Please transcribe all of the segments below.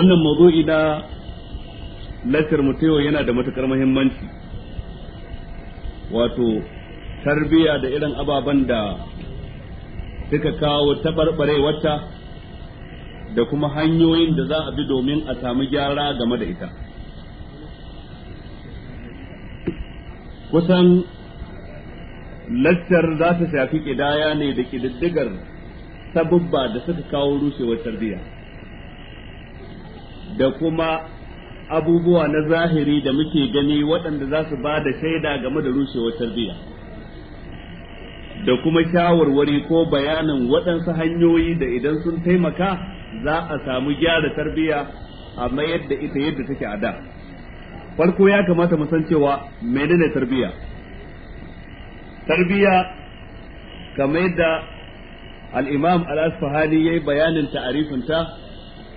wannan mawdu'i na lasar yau yana da matukar mahimmanci wato tarbiya da irin ababen da suka kawo taɓarɓarewarta da kuma hanyoyin da za a bi domin a sami gyara game da ita kusan lasar za ta shafi ƙidaya ne da ƙididdigar sabubba da suka kawo rushewar tarbiyya da kuma abubuwa na zahiri da muke gani waɗanda za su ba da shaida game da rushewar tarbiyya da kuma shawarwari ko bayanin waɗansu hanyoyi da idan sun taimaka za a samu gyara tarbiyya a mayar ita yadda take a da farko ya kamata mu san cewa menene tarbiyya tarbiyya kamar yadda al-imam al-asfahani yayi bayanin ta'arifinta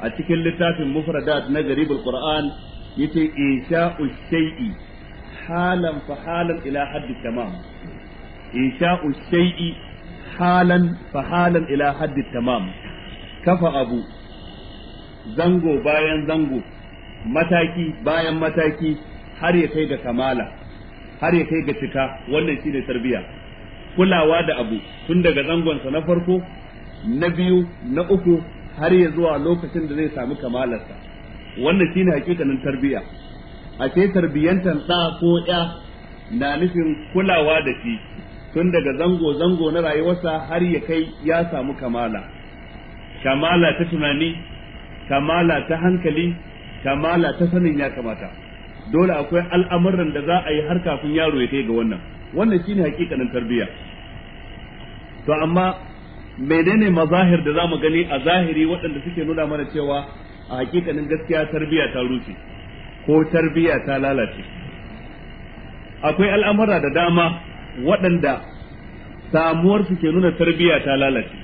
a cikin littafin mufradat na garibul qur'an yace insha'u shay'i halan fa halan ila haddi tamam insha'u shay'i halan fa halan ila haddi tamam kafa abu zango bayan zango mataki bayan mataki har ya kai ga kamala har ya kai ga cika wannan shine tarbiya kulawa da abu tun daga zangonsa na farko na biyu na uku har ya zuwa lokacin da zai sami kamalarsa wannan shine hakikanin tarbiyya a ce tarbiyyantar ɗa ko ya na nufin kulawa da shi tun daga zango zango na rayuwarsa har ya kai ya samu kamala kamala ta tunani kamala ta hankali kamala ta sanin ya kamata dole akwai al'amuran da za a yi har kafin yaro ya kai ga wannan wannan shine hakikanin tarbiyya to amma menene mazahir da zamu gani a zahiri waɗanda suke nuna mana cewa a hakikanin gaskiya tarbiya ta rufe ko tarbiya ta lalace akwai al'amura da dama waɗanda samuwar su ke nuna tarbiya ta lalace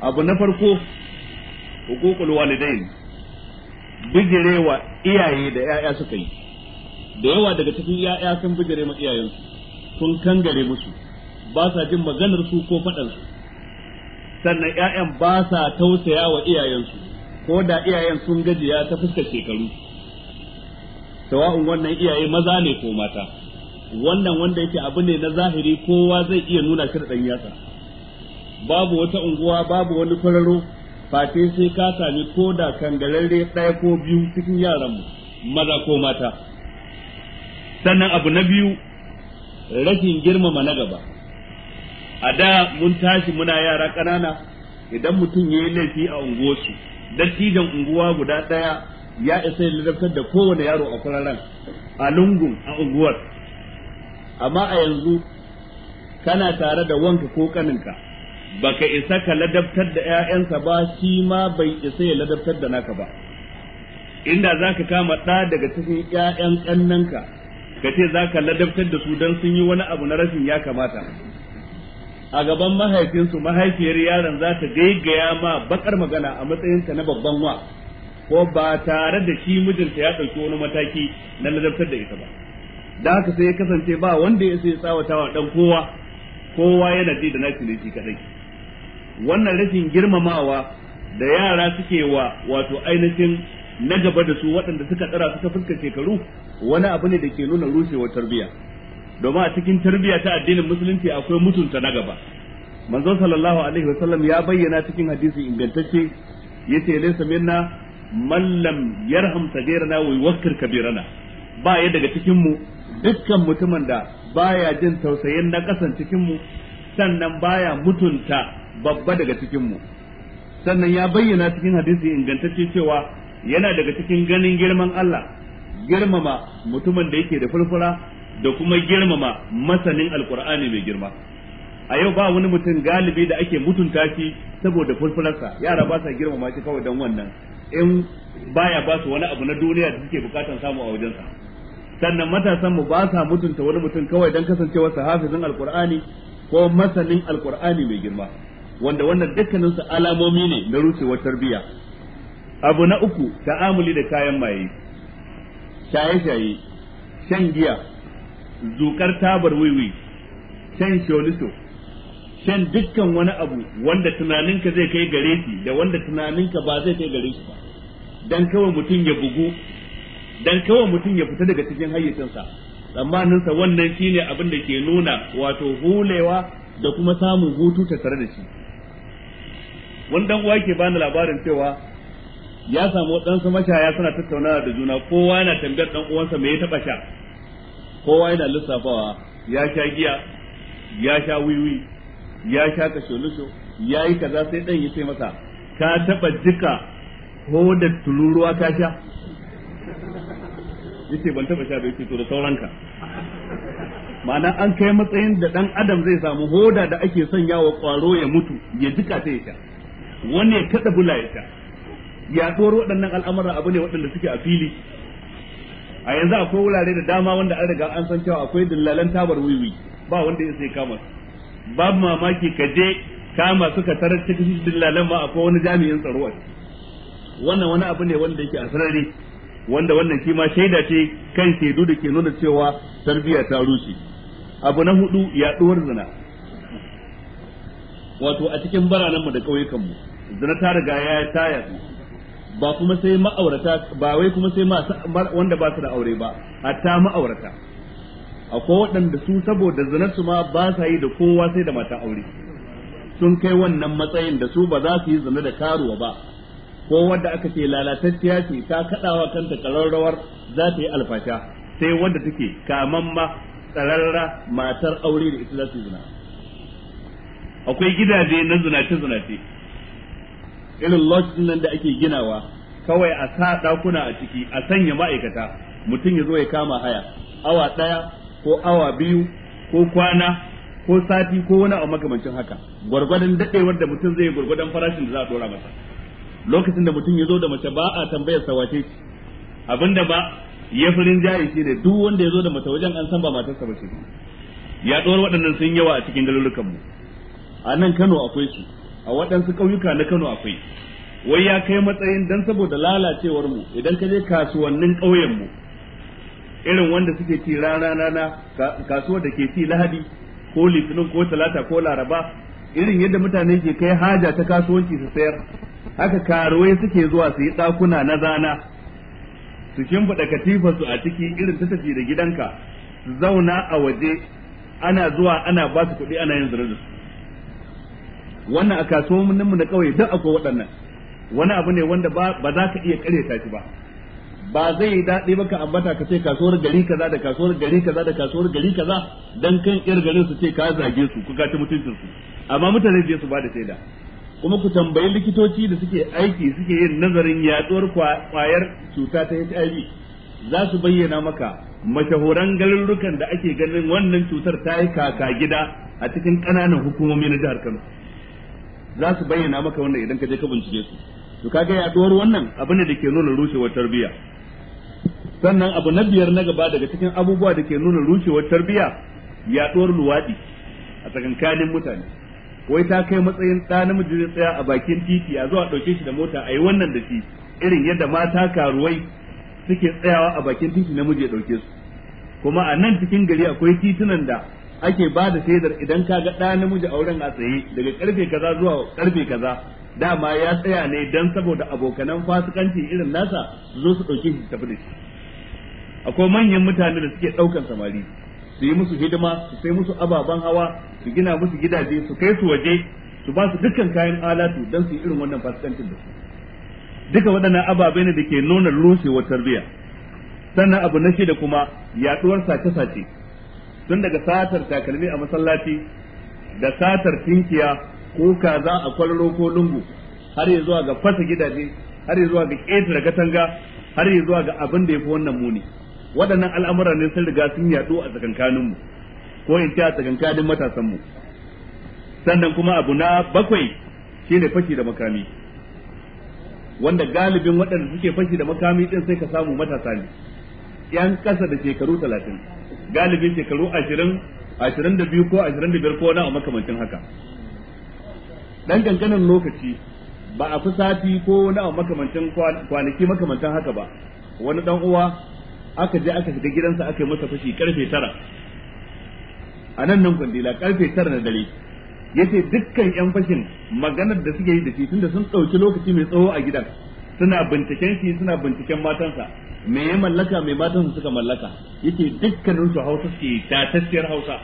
abu na farko hukukul walidain bijirewa iyaye da 'ya'ya suka yi da yawa daga cikin 'ya'ya sun bijire ma iyayensu sun kangare musu ba sa jin maganar su ko faɗansu sannan ƴaƴan ba sa tausaya wa iyayensu ko da iyayen sun gajiya ta fuskar shekaru sawa'un wannan iyaye maza ne ko mata wannan wanda yake abu ne na zahiri kowa zai iya nuna shi da yatsa babu wata unguwa babu wani kwararo fate sai ka sami ko da kangararre ɗaya ko biyu cikin yaranmu maza ko mata sannan abu na biyu rashin girmama na gaba a da mun tashi muna yara ƙanana idan mutum ya yi laifi a unguwarsu dattijan unguwa guda ɗaya ya isa ya ladabtar da kowane yaro a kwararan a lungun a unguwar amma a yanzu kana tare da wanka ko kaninka baka isa ka ladabtar da 'ya'yansa ba shi ma bai isa ya ladabtar da naka ba inda za ka kama ɗa daga cikin 'ya'yan ƙannanka ka ce za ka ladabtar da su don sun yi wani abu na rashin ya kamata a gaban mahaifinsu mahaifiyar yaron za ta gaigaya ma bakar magana a matsayinta na babban wa ko ba tare da shi mijinta ya ɗauki wani mataki na ladabtar da ita ba da haka sai ya kasance ba wanda ya sai tsawatawa dan kowa kowa yana ji da nashi ne shi kadai wannan rashin girmamawa da yara suke wa wato ainihin na gaba da su waɗanda suka tsara suka fuska shekaru wani abu ne da ke nuna rushewar tarbiyya domin a cikin tarbiyya ta addinin musulunci akwai mutunta na gaba manzo sallallahu alaihi wasallam ya bayyana cikin hadisi ingantacce yace laysa minna man lam yarham sagirana wa yuwakkir kabirana ba ya daga cikin mu dukkan mutumin da baya jin tausayin na kasan cikin mu sannan baya mutunta babba daga cikin mu sannan ya bayyana cikin hadisi ingantacce cewa yana daga cikin ganin girman Allah girmama mutumin da yake da furfura da kuma girmama masanin alkur'ani mai girma a yau ba wani mutum galibi da ake mutunta shi saboda fulfularsa yara ba sa girmama shi kawai don wannan in baya ba su wani abu na duniya da suke bukatan samu a wajensa sannan matasan mu ba sa mutunta wani mutum kawai don kasancewarsa hafizin alkur'ani ko masanin alkur'ani mai girma wanda wannan dukkanin su alamomi ne na rushewar tarbiyya abu na uku ta'amuli da kayan maye shaye-shaye shan giya zukar tabar wiwi shan sholiso shan dukkan wani abu wanda tunaninka zai kai gare shi da wanda tunaninka ba zai kai gare shi ba dan kawai mutum ya bugu dan kawai mutum ya fita daga cikin hayyacinsa tsammaninsa wannan shine abin da ke nuna wato hulewa da kuma samun hutu tare da shi wanda uwa ke bani labarin cewa ya samu ɗansa mashaya suna tattaunawa da juna kowa yana tambayar ɗan uwansa me ya taɓa sha kowa yana lissafawa ya sha giya ya sha wiwi ya sha kasholusho ya yi kaza sai dan ya sai masa ka taba jika ko da tururuwa ka sha yace ban taba sha bai ce to da sauranka ma'ana an kai matsayin da dan adam zai samu hoda da ake sanya wa kwaro ya mutu ya jika sai ya sha wani ya kada bula ya sha tsoro waɗannan al'amura abu ne waɗanda suke a fili a yanzu akwai wurare da dama wanda an riga an san cewa akwai dillalan tabar wiwi ba wanda ya sai kama babu mamaki ka je kama suka tarar cikin dillalan ma akwai wani jami'in tsaro a wannan wani abu ne wanda yake a sarari wanda wannan shi ma shaida ce kan shaidu da ke nuna cewa tarbiyya ta rushe abu na hudu yaduwar zina wato a cikin mu da ƙauyukanmu zina ta riga ya ta yadu ba kuma sai ma'aurata ba wai kuma sai wanda ba su da aure ba hatta ma'aurata akwai waɗanda su saboda zinarsu ma ba sa yi da kowa sai da mata aure sun kai wannan matsayin da su ba za su yi zina da karuwa ba ko wanda aka ce lalatacciya ce ta kaɗawa kanta ƙararrawar za ta yi alfasha sai wadda take ma tsararra matar aure da ita za su yi zina akwai gidaje na zinace-zinace irin lodge din nan da ake ginawa kawai a sa dakuna a ciki a sanya ma'aikata mutum ya zo ya kama haya awa daya ko awa biyu ko kwana ko sati ko wani abu makamancin haka gwargwadon dadewar da mutum zai yi gwargwadon farashin da za a dora masa lokacin da mutum ya zo da mace ba a tambayar sa ce abinda ba ya firin shi ne duk wanda ya zo da mace wajen an san ba matarsa ba ce ya ɗora waɗannan sun yawa a cikin galulukan mu a nan Kano akwai su a waɗansu ƙauyuka na Kano akwai wai ya kai matsayin dan saboda lalacewar mu idan ka je kasuwannin ƙauyen mu irin wanda suke ci rana rana kasuwar da ke ci Lahadi ko Litinin ko Talata ko Laraba irin yadda mutane ke kai haja ta kasuwanci su sayar haka karuwai suke zuwa su yi ɗakuna na zana su shimfiɗa su a ciki irin ta tafi da gidanka su zauna a waje ana zuwa ana ba su kuɗi ana yin zirin su wannan a kasuwannin mu na kauye duk akwai waɗannan wani abu ne wanda ba za ka iya ta shi ba ba zai yi daɗi ba ka ambata ka ce kasuwar gari kaza da kasuwar gari kaza da kasuwar gari kaza dan kan ƴar garin su ce ka zage su ku kaci mutuncin su amma mutane je su ba da shaida kuma ku tambayi likitoci da suke aiki suke yin nazarin yaduwar kwayar cuta ta HIV za su bayyana maka mashahuran garurrukan da ake ganin wannan cutar ta yi kaka gida a cikin ƙananan hukumomi na jihar Kano za su bayyana maka wannan idan ka je ka bincike su to kaga yaduwar wannan abin da ke nuna rushewar tarbiyya sannan abu na biyar na gaba daga cikin abubuwa da ke nuna rushewar tarbiyya yaduwar luwadi a tsakankanin mutane wai ta kai matsayin ɗa namiji zai tsaya a bakin titi a zuwa ɗauke shi da mota a yi wannan da shi irin yadda mata karuwai suke tsayawa a bakin titi namiji ya dauke su kuma a nan cikin gari akwai titunan da ake ba da shaidar idan ka ga ɗa namiji a wurin a tsaye daga karfe kaza zuwa karfe kaza dama ya tsaya ne dan saboda abokanan fasikanci irin nasa zo su ɗauke shi tafi da shi akwai manyan mutane da suke ɗaukan samari su yi musu hidima su sai musu ababen hawa su gina musu gidaje su kai su waje su ba su dukkan kayan alatu dan su yi irin wannan fasikancin da su duka waɗannan ababe ne da ke nuna rushewar tarbiyya sannan abu na shida kuma yaɗuwar sace-sace tun daga satar takalmi a masallaci da satar tinkiya ko kaza a kwararo ko lungu har ya zuwa ga fasa gidaje har ya zuwa ga ƙetare katanga har ya zuwa ga abin da ya fi wannan muni waɗannan al'amura ne sun riga sun yaɗu a mu, ko in ce a tsakankanin mu. sannan kuma abu na bakwai shine fashi da makami wanda galibin waɗanda suke fashi da makami ɗin sai ka samu matasa ne yan kasa da shekaru talatin galibi shekaru ashirin ashirin da biyu ko ashirin da biyar ko na a makamancin haka dan kankanin lokaci ba a fi sati ko na a makamancin kwanaki makamancin haka ba wani dan uwa aka je aka shiga gidansa aka yi masa fashi karfe tara a nan nan kwandila karfe tara na dare yace dukkan yan fashin maganar da suke yi da shi tunda sun ɗauki lokaci mai tsawo a gidan suna binciken shi suna binciken matansa me ya mallaka mai matan suka mallaka yake dukkanin su Hausa suke tatacciyar Hausa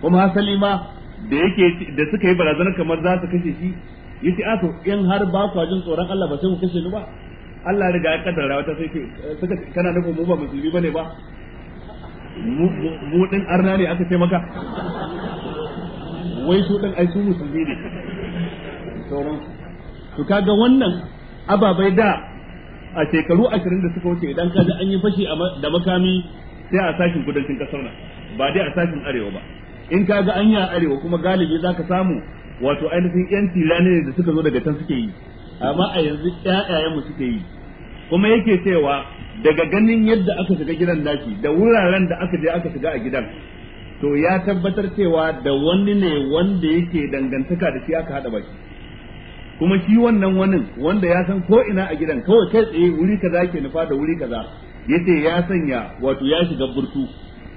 kuma hasali ma da yake da suka yi barazanar kamar za su kashe shi yace a ah, to in har ba ku jin tsoron Allah ba sai ku kashe ni ba Allah riga ya kaddara wata sai ke suka kana nufin mu ba musulmi bane ba mu din arna ne aka taimaka wai su din ai su musulmi ne sauran to kaga wannan ababai da a shekaru ashirin da suka wuce idan ka an yi fashi da makami sai a sashin kudancin kasar nan ba dai a sashin arewa ba in ka ga an yi a arewa kuma galibi za ka samu wato ainihin yan tirani ne da suka zo daga can suke yi amma a yanzu ƴaƴayen suke yi kuma yake cewa daga ganin yadda aka shiga gidan daki da wuraren da aka je aka shiga a gidan to ya tabbatar cewa da wani ne wanda yake dangantaka da shi aka hada baki kuma shi wannan wani wanda ya san ko ina a gidan kawai kai tsaye wuri kaza ke nufa da wuri kaza yace ya sanya wato ya shiga burtu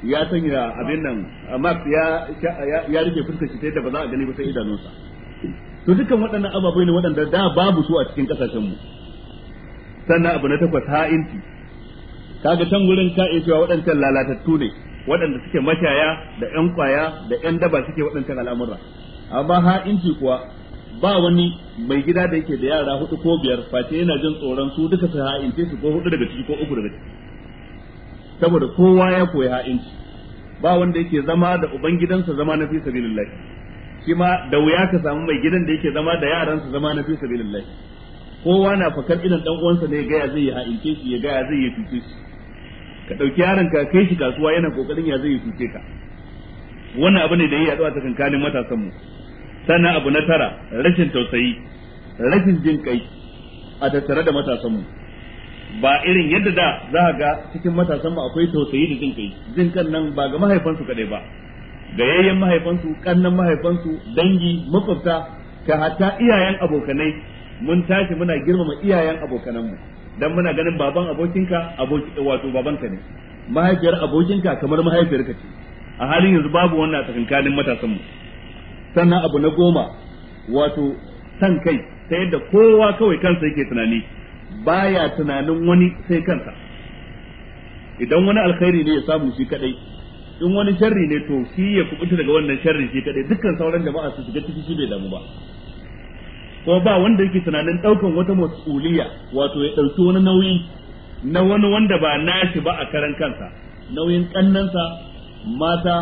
ya sanya abin nan A ya ya rike fuskar shi da ba za a gani ba sai idanunsa to dukkan waɗannan ababai ne waɗanda da babu su a cikin kasashen mu sannan abu na takwas ha'inci kaga can gurin ka iya cewa waɗancan lalatattu ne waɗanda suke mashaya da ƴan kwaya da ƴan daba suke waɗancan al'amura amma ha'inci kuwa ba wani mai gida da yake da yara hudu ko biyar face yana jin tsoron su duka su ha'ince su ko hudu daga ciki ko uku daga ciki saboda kowa ya koyi ha'inci ba wanda yake zama da ubangidansa zama na fi sabilillah shi ma da wuya ka samu mai gidan da yake zama da yaransa zama na fi sabilillah kowa na fakar idan dan uwansa ne ga ya zai yi ha'ince shi ya ga ya zai yi fice shi ka dauki yaron ka kai shi kasuwa yana kokarin ya zai yi fice ka wannan abu ne da yi yaduwa ta kankanin matasan mu sannan abu na tara rashin tausayi rashin jin kai a tattare da matasanmu ba irin yadda da za ga cikin matasanmu akwai tausayi da jin kai jin kan nan ba ga mahaifansu kadai ba ga yayyen mahaifansu kannan mahaifansu dangi makwabta ka hatta iyayen abokanai mun tashi muna girmama iyayen abokananmu dan muna ganin baban abokinka aboki wato babanka ne mahaifiyar abokinka kamar mahaifiyarka ce a halin yanzu babu wannan tsakankanin matasanmu sannan abu na goma wato san kai ta yadda kowa kawai kansa yake tunani baya tunanin wani sai kansa idan wani alkhairi ne ya samu shi kadai in wani sharri ne to shi ya kubuta daga wannan sharri shi kadai dukkan sauran jama'a su shiga ciki shi bai damu ba ko ba wanda yake tunanin daukan wata mas'uliya wato ya dauki wani nauyi na wani wanda ba nashi ba a karan kansa nauyin kannansa mata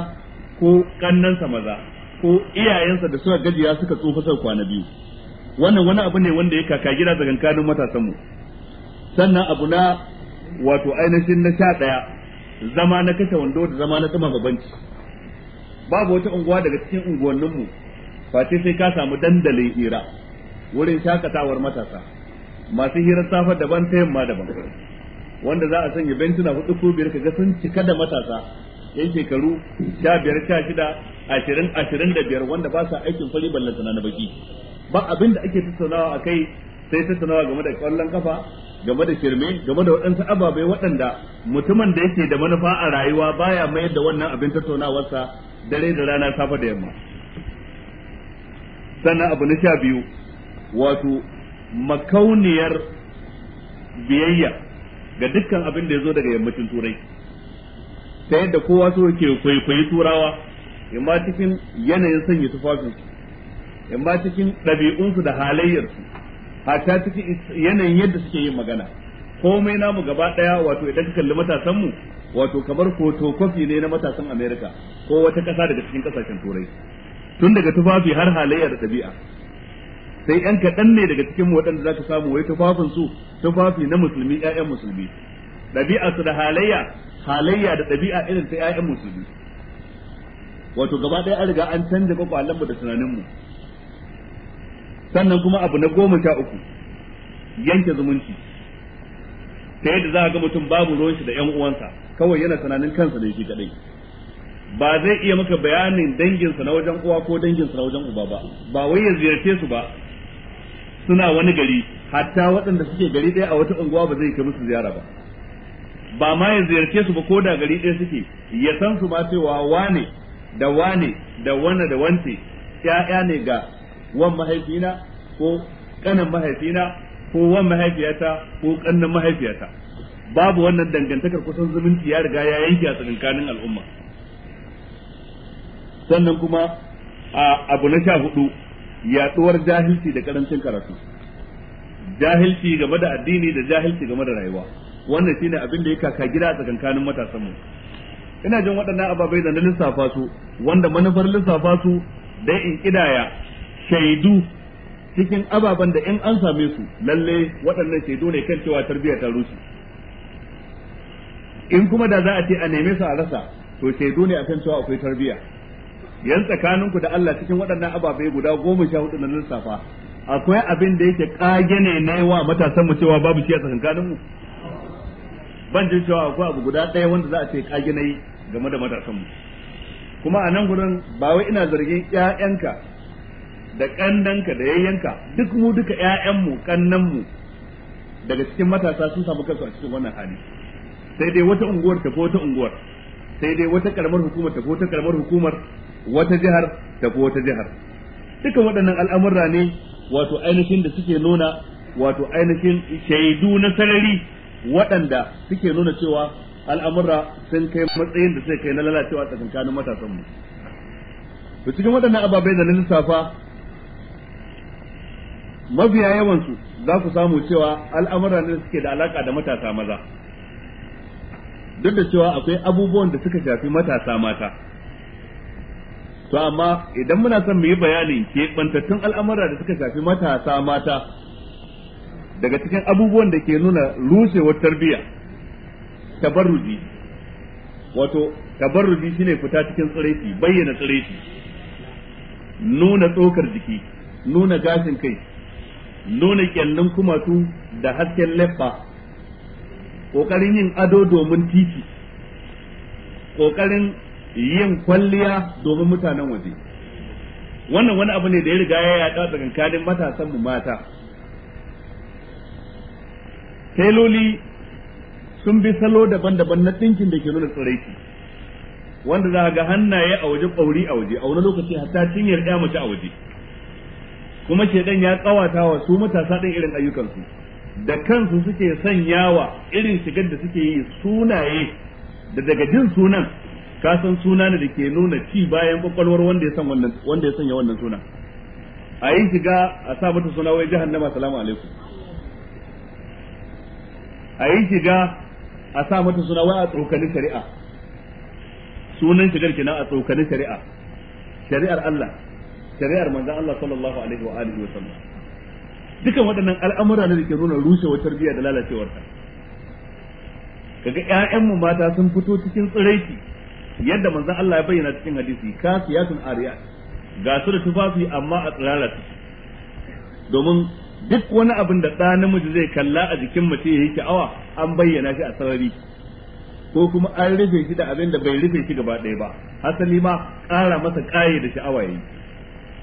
ko kannansa maza ko iyayensa da suka gajiya suka tsufa sau kwana biyu wannan wani abu ne wanda ya kaka gida daga kanin matasan mu sannan abu na wato ainihin na sha ɗaya zama na kashe wando da zama na sama babanci babu wata unguwa daga cikin unguwannin mu face sai ka samu dandalin hira wurin shakatawar matasa masu hirar safar daban ta yamma daban wanda za a sanya bentuna hudu ko biyar ka ga sun cika da matasa yan shekaru sha biyar sha shida ashirin da biyar wanda ba sa aikin fari ballantana na baki ba abin da ake tattaunawa a kai sai tattaunawa game da kwallon kafa game da shirme game da waɗansu ababai waɗanda mutumin da yake da manufa a rayuwa baya mayar da wannan abin tattaunawarsa dare da rana safa da yamma sannan abu na sha biyu wato makauniyar biyayya ga dukkan abin da ya zo daga yammacin turai ta yadda kowa so ke kwaikwayi turawa in ma cikin yanayin sanya tufafin in ma cikin ɗabi'unsu da halayyar su ta cikin yanayin yadda suke yin magana komai namu gaba ɗaya wato idan ka kalli matasan wato kamar fotokofi ne na matasan America ko wata ƙasa daga cikin ƙasashen turai tun daga tufafi har halayya da ɗabi'a sai yan kaɗan ne daga cikin waɗanda za ka samu wai tufafinsu tufafi na musulmi ƴaƴan musulmi ɗabi'a su da halayya halayya da ɗabi'a irin ta ƴaƴan musulmi wato gaba ɗaya an riga an canza kwakwalen da tunanin mu sannan kuma abu na goma sha uku yanke zumunci ta yadda za a ga mutum babu ruwan shi da yan uwansa kawai yana tunanin kansa da shi kaɗai. ba zai iya maka bayanin danginsa na wajen uwa ko danginsa na wajen uba ba ba wai ya ziyarce su ba suna wani gari hatta waɗanda suke gari ɗaya a wata unguwa ba zai kai musu ziyara ba ba ma ya ziyarce su ba ko da gari ɗaya suke ya san su ma cewa wane da wane da wane da wance 'ya'ya ne ga wan mahaifina ko kanan mahaifina ko wan mahaifiyata ko kannan mahaifiyata babu wannan dangantakar kusan zumunci ya riga ya yanke a tsakankanin al'umma sannan kuma a abu na sha hudu yaduwar jahilci da karancin karatu jahilci game da addini da jahilci game da rayuwa wannan shine abin da ya kaka gida a tsakankanin matasan mu ina jin waɗannan ababai da na lissafa su wanda manufar lissafa su dai in kidaya shaidu cikin ababen da in an same su lalle waɗannan shaidu ne kan cewa tarbiyya ta rushe in kuma da za a ce a neme su a rasa to shaidu ne akan cewa akwai tarbiyya yan tsakaninku da Allah cikin waɗannan ababai guda goma sha hudu na lissafa akwai abin da yake kage ne na wa matasan mu cewa babu shi a mu ban jin cewa akwai abu guda ɗaya wanda za a ce kage yi game da matasan mu kuma a nan gurin ba wai ina zargin ƴaƴanka da ƙannanka da yayyanka duk mu duka ƴaƴanmu ƙannanmu daga cikin matasa sun samu kansu a cikin wannan hali sai dai wata unguwar ta ko wata unguwar sai dai wata karamar hukumar ta ko wata karamar hukumar wata jihar ta ko wata jihar dukan waɗannan al'amurra ne wato ainihin da suke nuna wato ainihin shaidu na sarari waɗanda suke nuna cewa al'amura sun kai matsayin da sai kai na lalacewa tsakankanin matasan mu cikin waɗannan ababai da na lissafa mafiya yawansu za ku samu cewa al'amura ne suke da alaka da matasa maza duk da cewa akwai abubuwan da suka shafi matasa mata to amma idan muna son mu yi bayanin keɓantattun al'amura da suka shafi matasa mata daga cikin abubuwan da ke nuna rushewar tarbiyya tabarruji wato tabarruji shine fita cikin tsiraici bayyana tsiraici nuna tsokar jiki nuna gashin kai nuna kyallin kumatu da hasken leffa ƙoƙarin yin ado domin titi ƙoƙarin yin kwalliya domin mutanen waje wannan wani abu ne da ya riga ya yaɗa tsakankanin matasan mu mata teloli sun bi salo daban-daban na ɗinkin da ke nuna tsiraiki wanda za ga hannaye a waje ƙauri a waje a wani lokaci hatta cinyar ɗaya mace a waje kuma shedan ya tsawata wa su matasa ɗin irin ayyukansu da kansu suke sanyawa irin shigar da suke yi sunaye da daga jin sunan ka san suna ne da ke nuna ci bayan kwakwalwar wanda ya sanya wannan suna a yi shiga a sa mata suna wai jahannama salamu alaikum a yi shiga a sa mata suna wai a tsokani shari'a sunan shigar kenan a tsokani shari'a shari'ar Allah shari'ar manzon Allah sallallahu alaihi wa alihi wa sallam dukan waɗannan al'amura ne da ke nuna rushewar tarbiyya da lalacewarta kaga 'ya'yanmu mata sun fito cikin tsiraiki yadda manzon Allah ya bayyana cikin hadisi kasiyatun ariyat ga su da tufafi amma a tsirara domin duk wani abin da ɗa namiji zai kalla a jikin mace ya yi sha'awa an bayyana shi a sarari ko kuma an rufe shi da abin da bai rufe shi gaba ɗaya ba hasali ma ƙara masa ƙaye da sha'awa yi.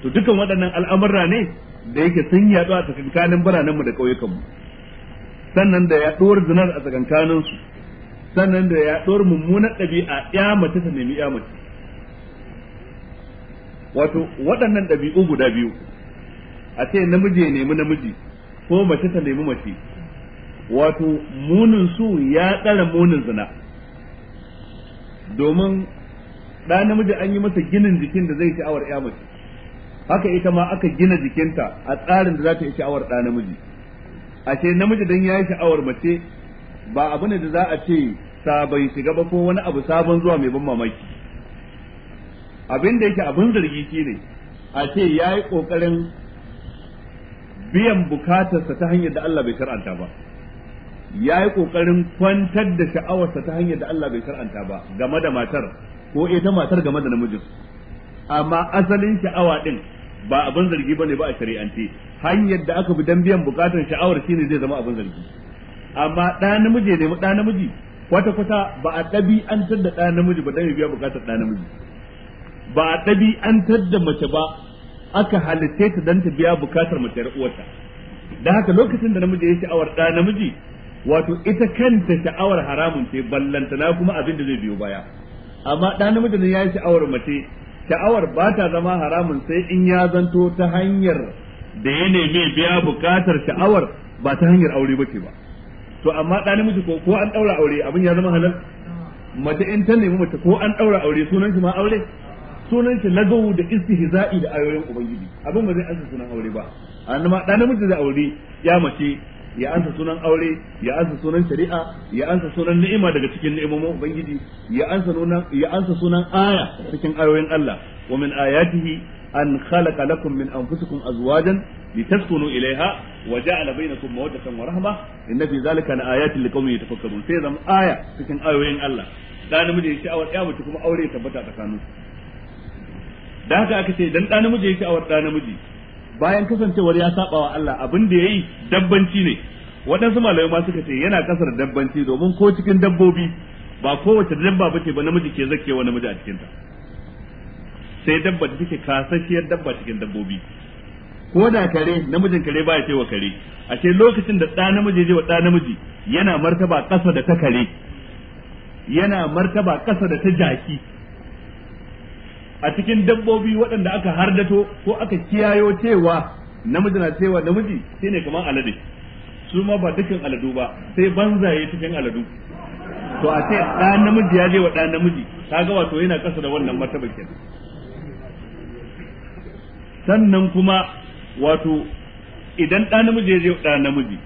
to dukan waɗannan al'amurra ne da yake sun yaɗu a tsakankanin biranenmu da ƙauyukanmu sannan da yaɗuwar zinar a tsakankaninsu sannan da yaɗuwar mummunar ɗabi'a ya mace ta nemi ya mace wato waɗannan ɗabi'u guda biyu a ce namiji ya nemi namiji ko mace ta nemi mace wato munin su ya tsara munin zina domin ɗa namiji an yi masa ginin jikin da zai sha'awar ya mace haka ita ma aka gina jikinta a tsarin da za ta yi sha'awar ɗa namiji a ce namiji don ya yi sha'awar mace ba abu ne da za a ce sa bai shiga ba ko wani abu sabon zuwa mai ban mamaki abin da yake abin zargi shine a ce ya yi ƙoƙarin biyan bukatarsa ta hanyar da Allah bai shar'anta ba ya yi ƙoƙarin kwantar da sha'awarsa ta hanyar da Allah bai shar'anta ba game da matar ko ita matar game da namijin amma asalin sha'awa din ba abin zargi bane ba a shari'ance hanyar da aka bi dan biyan bukatar sha'awar shine zai zama abin zargi amma ɗa namiji ne ɗa namiji kwata kwata ba a an da ɗa namiji ba dan biya bukatar ɗa namiji ba a an da mace ba aka halitta ta dan ta biya bukatar mace da uwarta da haka lokacin da namiji ya sha'awar da namiji wato ita kanta sha'awar haramun ce ballanta na kuma abin da zai biyo baya amma dan namiji ne ya yi sha'awar mace sha'awar ba ta zama haramun sai in ya zanto ta hanyar da ya nemi biya bukatar sha'awar ba ta hanyar aure ba ce ba to amma dan namiji ko ko an daura aure abin ya zama halal mace in ta nemi mace ko an daura aure sunan shi ma aure sunan shi lagawu da istihza'i da ayoyin ubangiji abin ba zai ansa sunan aure ba annama dan namiji zai aure ya mace ya ansa sunan aure ya ansa sunan shari'a ya ansa sunan ni'ima daga cikin ni'imomin ubangiji ya ansa sunan ya ansa sunan aya cikin ayoyin Allah wa min ayatihi an khalaqa lakum min anfusikum azwajan litaskunu ilaiha wa ja'ala bainakum mawaddatan wa rahma inna fi zalika laayatin liqaumin yatafakkarun sai zama aya cikin ayoyin Allah da namiji ya sha'awar ya mutu kuma aure ya tabbata tsakaninsu da haka aka ce dan da namiji yake awar da namiji bayan kasancewar ya saba wa Allah abin da yayi dabbanci ne waɗansu malamai ma suka ce yana kasar dabbanci domin ko cikin dabbobi ba kowace dabba bace ba namiji ke zakewa namiji a cikin ta sai dabba da take kasashiyar dabba cikin dabbobi ko da kare namijin kare ba ya ce wa kare a ce lokacin da ɗa namiji je wa ɗa namiji yana martaba ƙasa da ta kare yana martaba ƙasa da ta jaki a cikin dabbobi waɗanda aka hardato ko aka kiyayo cewa namiji na cewa namiji ne kamar alade su ma ba dukkan aladu ba sai banzaye cikin aladu to a ce ɗa namiji ya je wa ɗa namiji kaga wato yana ƙasa da wannan martaba kenan sannan kuma wato idan ɗa namiji ya je wa ɗa namiji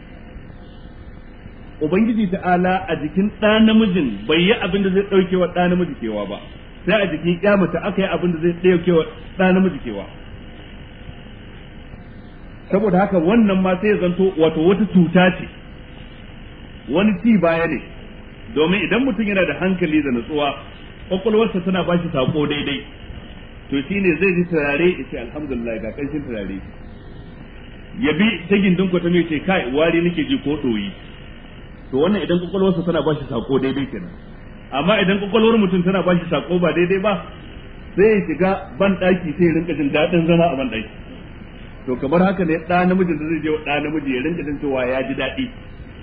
ubangiji ta'ala a jikin ɗa namijin bai yi abin da zai ɗauke wa ɗa namiji kewa ba sai a jiki kyamata aka yi abin da zai tsaye kewa ɗa namiji kewa saboda haka wannan ma sai ya zanto wato wata cuta ce wani ci baya ne domin idan mutum yana da hankali da nutsuwa. kwakwalwarsa tana ba shi sako daidai to shi ne zai ji turare ya ce alhamdulillah ga ƙanshin turare ya bi ta gindin kwata mai ce kai wari nake ji ko ɗoyi to wannan idan kwakwalwarsa tana ba shi sako daidai kenan amma idan kwakwalwar mutum tana ba shi sako ba daidai ba sai ya shiga ban daki sai ya rinka jin daɗin zama a ban daki to kamar haka ne ɗa namijin da zai je ɗa namiji ya rinka jin cewa ya ji daɗi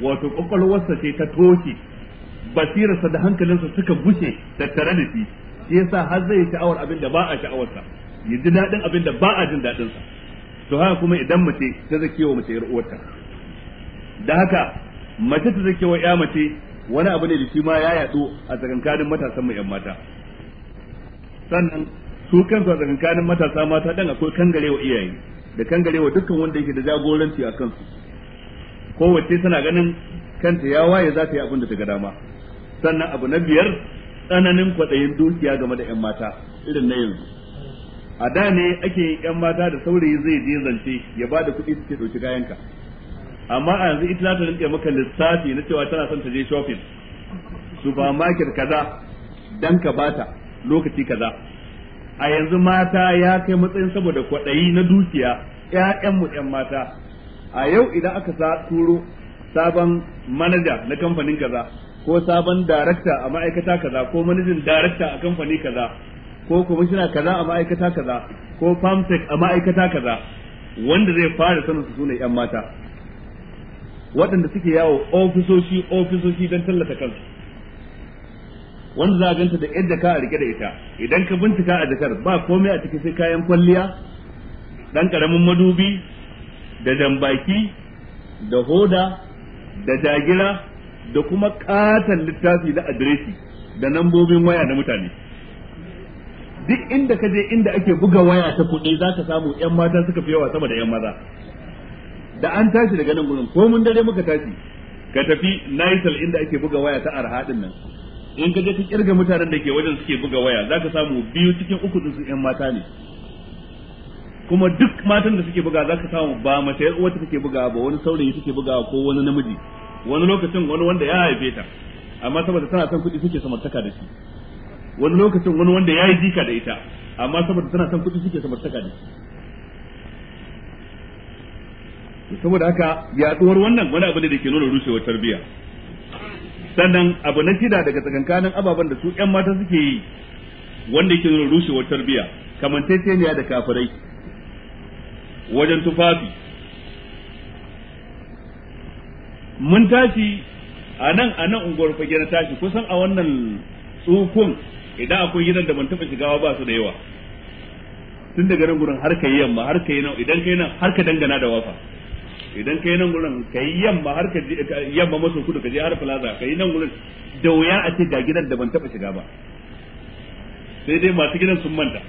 wato kwakwalwarsa ce ta toshe basirarsa da hankalinsa suka gushe tattare da shi shi yasa har zai sha'awar abin da ba a sha'awarsa ya ji daɗin abin da ba a jin daɗinsa to haka kuma idan mace ta zakewa mace yar uwarta da haka mace ta zakewa ya mace wani abu ne da shi ma ya yaɗo a tsakankanin matasan mu yan mata sannan su kansu a tsakankanin matasa mata ɗan akwai kangarewa iyaye da kangarewa dukkan wanda yake da jagoranci a kansu kowace tana ganin kanta ya waye za ta yi abin da ta ga dama sannan abu na biyar tsananin kwaɗayin dukiya game da 'yan mata irin na yanzu a da ne ake 'yan mata da saurayi zai je zance ya ba da kuɗi suke ɗauki kayanka amma a yanzu ita ta rinke maka lissafi na cewa tana son ta je shopping supermarket kaza dan ka bata lokaci kaza a yanzu mata ya kai matsayin saboda kwaɗayi na dukiya mu ƴan mata a yau idan aka sa turo sabon manaja na kamfanin kaza ko sabon darakta a ma'aikata kaza ko manajin darakta a kamfani kaza ko commissioner kaza a ma'aikata kaza ko farm tech a ma'aikata kaza wanda zai fara sanin su sune yan mata waɗanda suke yawo ofisoshi ofisoshi don tallata kansu wanda za a ganta da yadda ka a rike da ita idan ka bincika a jakar ba komai a ciki sai kayan kwalliya ɗan ƙaramin madubi da dambaki da hoda da jagira da kuma ƙaton littafi da adireti da nambobin waya na mutane duk inda ka je inda ake buga waya ta kuɗi za ka samu 'yan mata suka fi yawa sama da 'yan maza da an tashi daga nan gurin ko mun dare muka tashi ka tafi Naisal inda ake buga waya ta arha din nan in ka ga ka kirga mutanen da ke wajen suke buga waya za ka samu biyu cikin uku din su ƴan mata ne kuma duk matan da suke buga za ka samu ba mace ƴar uwa take buga ba wani saurayi take buga ko wani namiji wani lokacin wani wanda ya haife ta amma saboda tana son kuɗi suke samartaka da shi wani lokacin wani wanda ya yi jika da ita amma saboda tana son kuɗi suke samartaka da shi saboda haka yaduwar wannan wani abu ne da ke nuna rushewar tarbiyya sannan abu na shida daga tsakankanin ababen da su yan mata suke yi wanda ke nuna rushewar tarbiyya tetaniya da kafirai wajen tufafi mun tashi a nan a nan unguwar fage na tashi kusan a wannan tsukun idan akwai gidan da ban taɓa shigawa ba su da yawa tun daga nan gurin har ka yi yamma har ka yi nan idan ka yi nan har ka dangana da wafa idan kai nan gurin kai yamma har ka yamma maso kudu ka je har plaza kai nan gurin da wuya a ce ga gidan da ban taba shiga ba sai dai masu gidan sun manta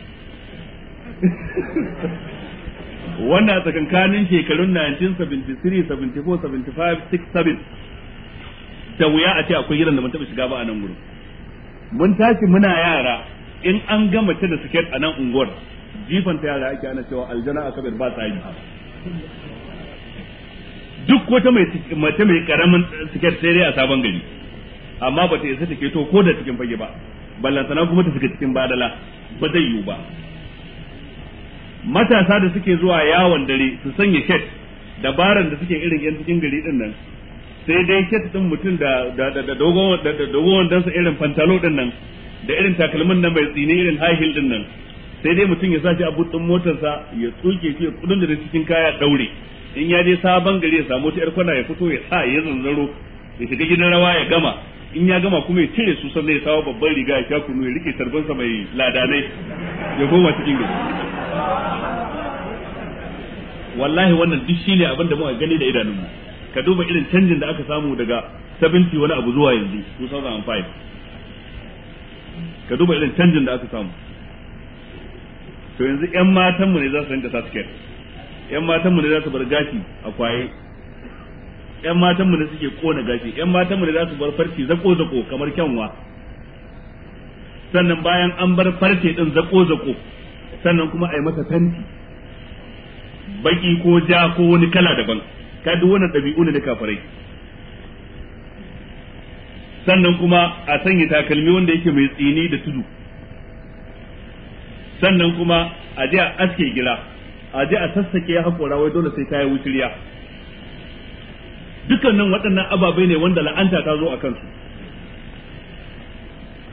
wannan a tsakankanin shekarun 1973 74 75 67 da wuya a ce akwai gidan da ban taba shiga ba a nan gurin mun tashi muna yara in an gama ta da siket a nan unguwar jifanta yara ake ana cewa aljana a kabir ba yi duk wata mai mace mai karamin siket sai dai a sabon gari amma ba ta isa ta to ko da cikin fage ba sana kuma ta suka cikin badala ba zai yiwu ba matasa da suke zuwa yawon dare su sanya ket dabaran da suke irin yan cikin gari din nan sai dai ket din mutum da da dogon da dogon irin pantalo din nan da irin takalmin nan mai tsine irin high heel din nan sai dai mutum ya sace a butun motarsa ya tsuke shi ya kudin da cikin kaya daure in ya je sabon gari ya samu wata yar kwana ya fito ya sa ya zanzaro ya shiga gidan rawa ya gama in ya gama kuma ya cire su sannan ya sawo babban riga ya sha kunu ya rike sarbansa mai ladanai ya goma cikin gari wallahi wannan duk shine abin da muka gani da idanunmu ka duba irin canjin da aka samu daga 70 wani abu zuwa yanzu 2005 ka duba irin canjin da aka samu to yanzu yan matanmu ne za su rinka sa skirt yan matan mu ne za su bar gashi a kwaye yan matan mu ne suke kona gashi yan matan mu ne za su bar farce zako zako kamar kyanwa sannan bayan an bar farce din zako zako sannan kuma a yi masa tanti baki ko ja ko wani kala daban ka duk wannan ɗabi'u ne na kafirai sannan kuma a sanya takalmi wanda yake mai tsini da tudu sannan kuma a je a aske gila a je a sassake ya haƙura, wai dole sai ta yi wuciriya dukkanin waɗannan ababai ne wanda la'anta ta zo a kansu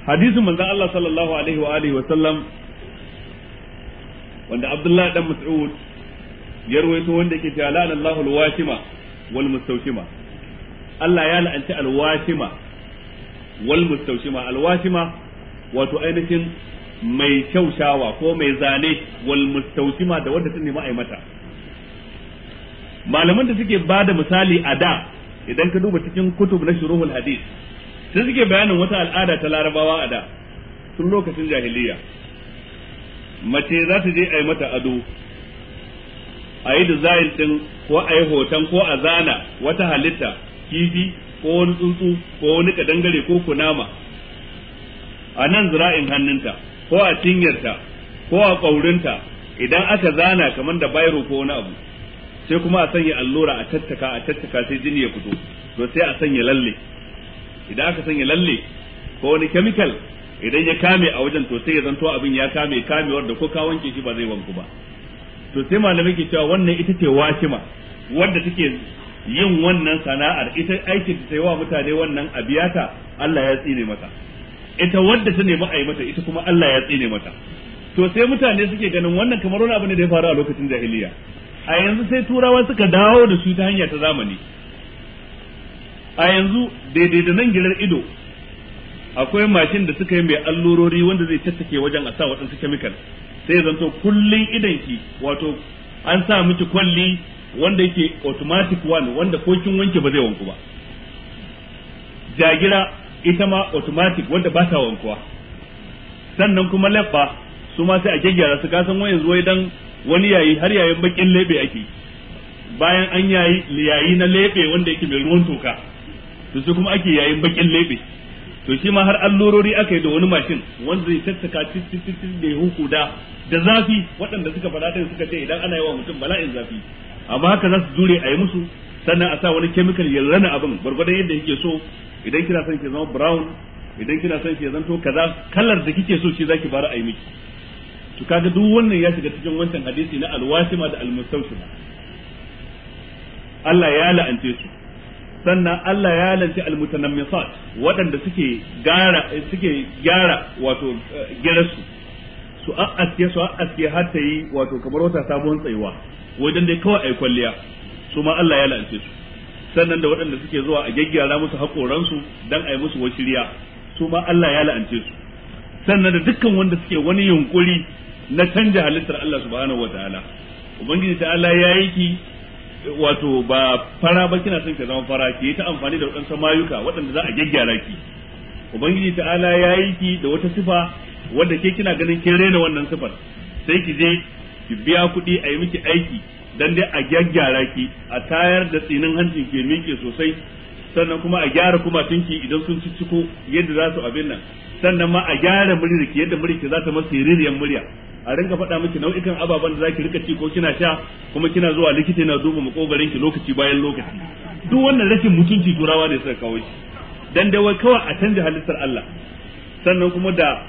hadisin manzon Allah sallallahu alaihi wa alihi wa sallam wanda Abdullahi dan Mas'ud ya rawaito wanda yake cewa la'ana Allahu al-washima wal mustawshima Allah ya la'anci al-washima wal mustawshima al-washima wato ainihin mai kyaushawa ko mai zane wal mustawsima da wanda ta nema a mata malaman da suke ba da misali a da idan ka duba cikin kutub na shuruhul hadis sai suke bayanin wata al'ada ta larabawa a da tun lokacin jahiliya mace za ta je a yi mata ado a yi design din ko a yi hoton ko a zana wata halitta kifi ko wani tsuntsu ko wani kadangare ko kunama a nan zira'in hannunta ko a tinyarta ko a ƙaurinta idan aka zana kamar da bairo ko wani abu sai kuma a sanya allura a tattaka a tattaka sai jini ya fito to sai a sanya lalle idan aka sanya lalle ko wani chemical idan ya kame a wajen to sai ya zanto abin ya kame kamewar da ko ka wanke shi ba zai wanku ba to sai malamai ke cewa wannan ita ce wakima wadda take yin wannan sana'ar ita aikin ta yi wa mutane wannan abiyata Allah ya tsine mata ita wadda ta nemi a yi mata ita kuma Allah ya tsine mata to sai mutane suke ganin wannan kamar wani abu ne da ya faru a lokacin jahiliya a yanzu sai turawa suka dawo da su ta hanya ta zamani a yanzu daidai da nan girar ido akwai mashin da suka yi mai allurori wanda zai tattake wajen a sa waɗansu kemikal sai zanto kullun idanki wato an sa miki kwalli wanda yake automatic one wanda ko kin wanke ba zai wanku ba jagira ita ma automatic wanda ba ta wankuwa sannan kuma labba su ma sai a gyaggyara su kasan wani zuwa idan wani yayi har yayin bakin lebe ake bayan an yayi yayi na lebe wanda yake mai ruwan toka to sai kuma ake yayin bakin lebe to shi ma har allurori aka yi da wani mashin wanda zai tattaka tittitin da ya huku da da zafi waɗanda suka faɗa suka ce idan ana yi wa mutum bala'in zafi amma haka za su jure a yi musu sannan a sa wani chemical ya rana abin gwargwadon yadda yake so idan kina son ki zama brown idan kina son ki zanto kaza kalar da kike so shi zaki bara a yi miki to kaga duk wannan ya shiga cikin wancan hadisi na alwasima da almustawsima Allah ya la'ance su sannan Allah ya la'ance almutanammisat waɗanda suke gara suke gyara wato eh, gerasu su a aske su a aske har ta yi wato kamar wata sabon tsayuwa wajen dai kawai ai kwalliya su ma Allah ya la'ance su sannan da waɗanda suke zuwa a gyaggyara musu haƙoransu dan a yi musu washiriya su ma Allah ya la'ance su sannan da dukkan wanda suke wani yunkuri na canja halittar Allah subhanahu wataala ubangiji ta Allah ya yi ki wato ba fara ba kina son ki zama fara ki ta amfani da waɗansu mayuka waɗanda za a gyaggyara ki ubangiji ta Allah ya yi ki da wata sifa wanda ke kina ganin kin rena wannan sifar sai ki je ki biya kuɗi a yi miki aiki dan dai a gyaggyara ki a tayar da tsinin hancin ke miƙe sosai sannan kuma a gyara kuma kumatunki idan sun cicciko yadda za su abin nan sannan ma a gyara ki yadda ki za ta masa siririyar murya a rinka faɗa miki nau'ikan ababen da za ki rika ci ko kina sha kuma kina zuwa likita yana duba makogarin ki lokaci bayan lokaci duk wannan rashin mutunci turawa ne suka kawo shi dan dai wai kawai a canja halittar Allah sannan kuma da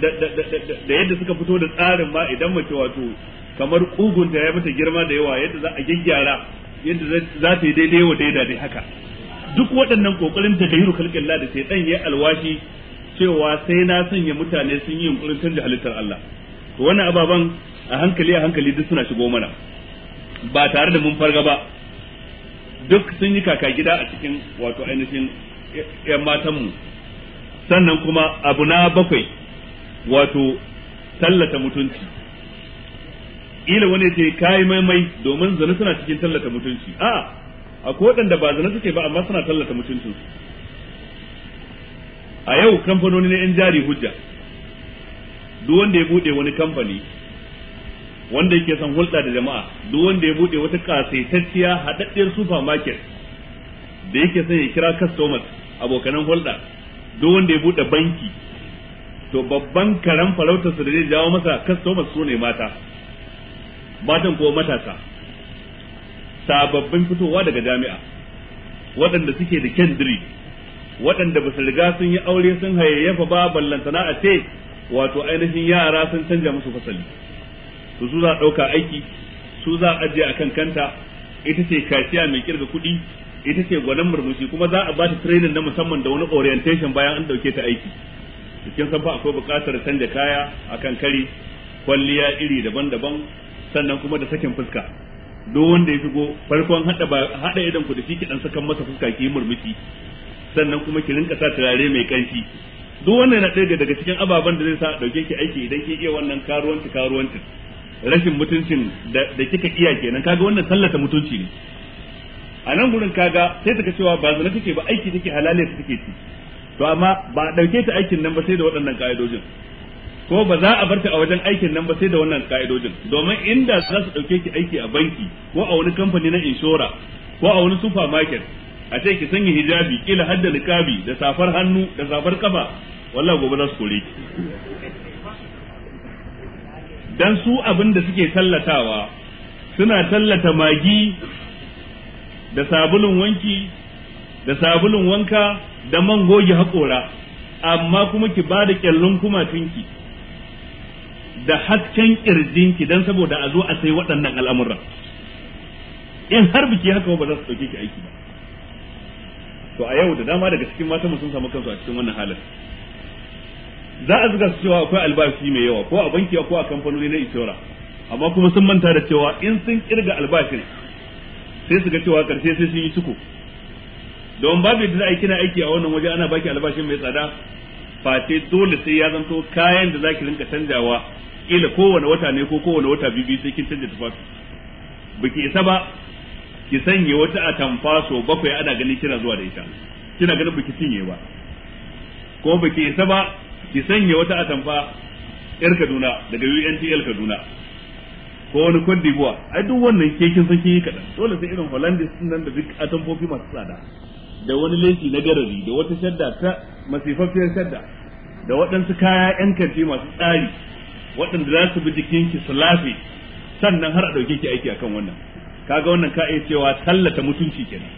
da yadda suka fito da tsarin ma idan mace wato kamar kugun da ya mata girma da yawa yadda za a gyaggyara yadda za ta yi daidai wa daida dai haka duk waɗannan kokarin da dairu kalkilla da sai ya alwashi cewa sai na sanya mutane sun yi yunkurin canja halittar Allah to ababen. ababan a hankali a hankali duk suna shigo mana ba tare da mun farga ba duk sun yi kaka gida a cikin wato ainihin yan mu sannan kuma abu na bakwai wato tallata mutunci kila wani ce kai maimai domin zina suna cikin tallata mutunci a akwai waɗanda ba zina suke ba amma suna tallata mutuncinsu a yau kamfanoni na yan jari hujja duk wanda ya bude wani kamfani wanda yake son hulɗa da jama'a duk wanda ya bude wata kasaitacciya haɗaɗɗiyar supermarket da yake son ya kira customers abokanan hulɗa duk wanda ya bude banki to babban karan farautarsa da zai jawo masa customers su ne mata matan ko matasa sababbin fitowa daga jami'a waɗanda suke da kendiri waɗanda ba su riga sun yi aure sun hayayyafa ba ballantana a ce wato ainihin yara sun canja musu fasali to su za a ɗauka aiki su za a ajiye akan kanta ita ce kaciya mai kirga kuɗi ita ce gwanin murmushi kuma za a ba ta training na musamman da wani orientation bayan an ɗauke ta aiki cikin san akwai buƙatar canja kaya akan kari kwalliya iri daban-daban sannan kuma da sakin fuska duk wanda ya shigo farkon hada ba hada idan ku da shi ki dan sakan masa fuska ki murmushi sannan kuma ki rinka sa turare mai kanshi duk wannan na ɗaya daga cikin ababen da zai sa dauke ki aiki idan ki iya wannan karuwanci karuwanci rashin mutuncin da kika iya kenan kaga wannan sallata mutunci ne a nan gurin kaga sai take cewa ba zina take ba aiki take halale take ci to amma ba dauke ta aikin nan ba sai da waɗannan ka'idojin ko ba za a barta a wajen aikin nan ba sai da wannan ka'idojin domin inda za su dauke ki aiki a banki ko a wani kamfani na inshora ko a wani supermarket a ce ki sanya hijabi kila hadda niqabi da safar hannu da safar kafa wallahi gobe za su kore ki dan su abin da suke tallatawa suna tallata magi da sabulun wanki da sabulun wanka da man goge haƙora amma kuma ki ba da kyallun kumatunki da hasken kirjinki dan saboda a zo a sai waɗannan al'amuran in har biki haka ba za su dauke ki aiki ba to a yau da dama daga cikin matan sun samu kansu a cikin wannan halin za a zuga su cewa akwai albashi mai yawa ko a banki ko a kamfanoni na isora amma kuma sun manta da cewa in sun kirga albashin sai su ga cewa karshe sai sun yi cuku don babu yadda za a yi kina aiki a wannan waje ana baki albashin mai tsada face dole sai ya zanto kayan da zaki rinka canjawa kila kowane wata ne ko kowane wata bibi sai kin canja tufafi baki isa ba ki sanya wata atamfa so bakwai ana gani kina zuwa da ita kina ganin baki cinye ba ko baki isa ba ki sanya wata atamfa yar Kaduna daga UNTL Kaduna ko wani Cote d'Ivoire ai duk wannan ke kin san kin yi kadan dole sai irin Hollandis nan da duk atamfofi masu tsada da wani laifi na garari da wata shadda ta masifafiyar shadda da waɗansu kaya yan kanti masu tsari waɗanda za su bi jikinki su lafi sannan har a ɗauke ki aiki akan wannan kaga wannan ka iya cewa tallata mutunci kenan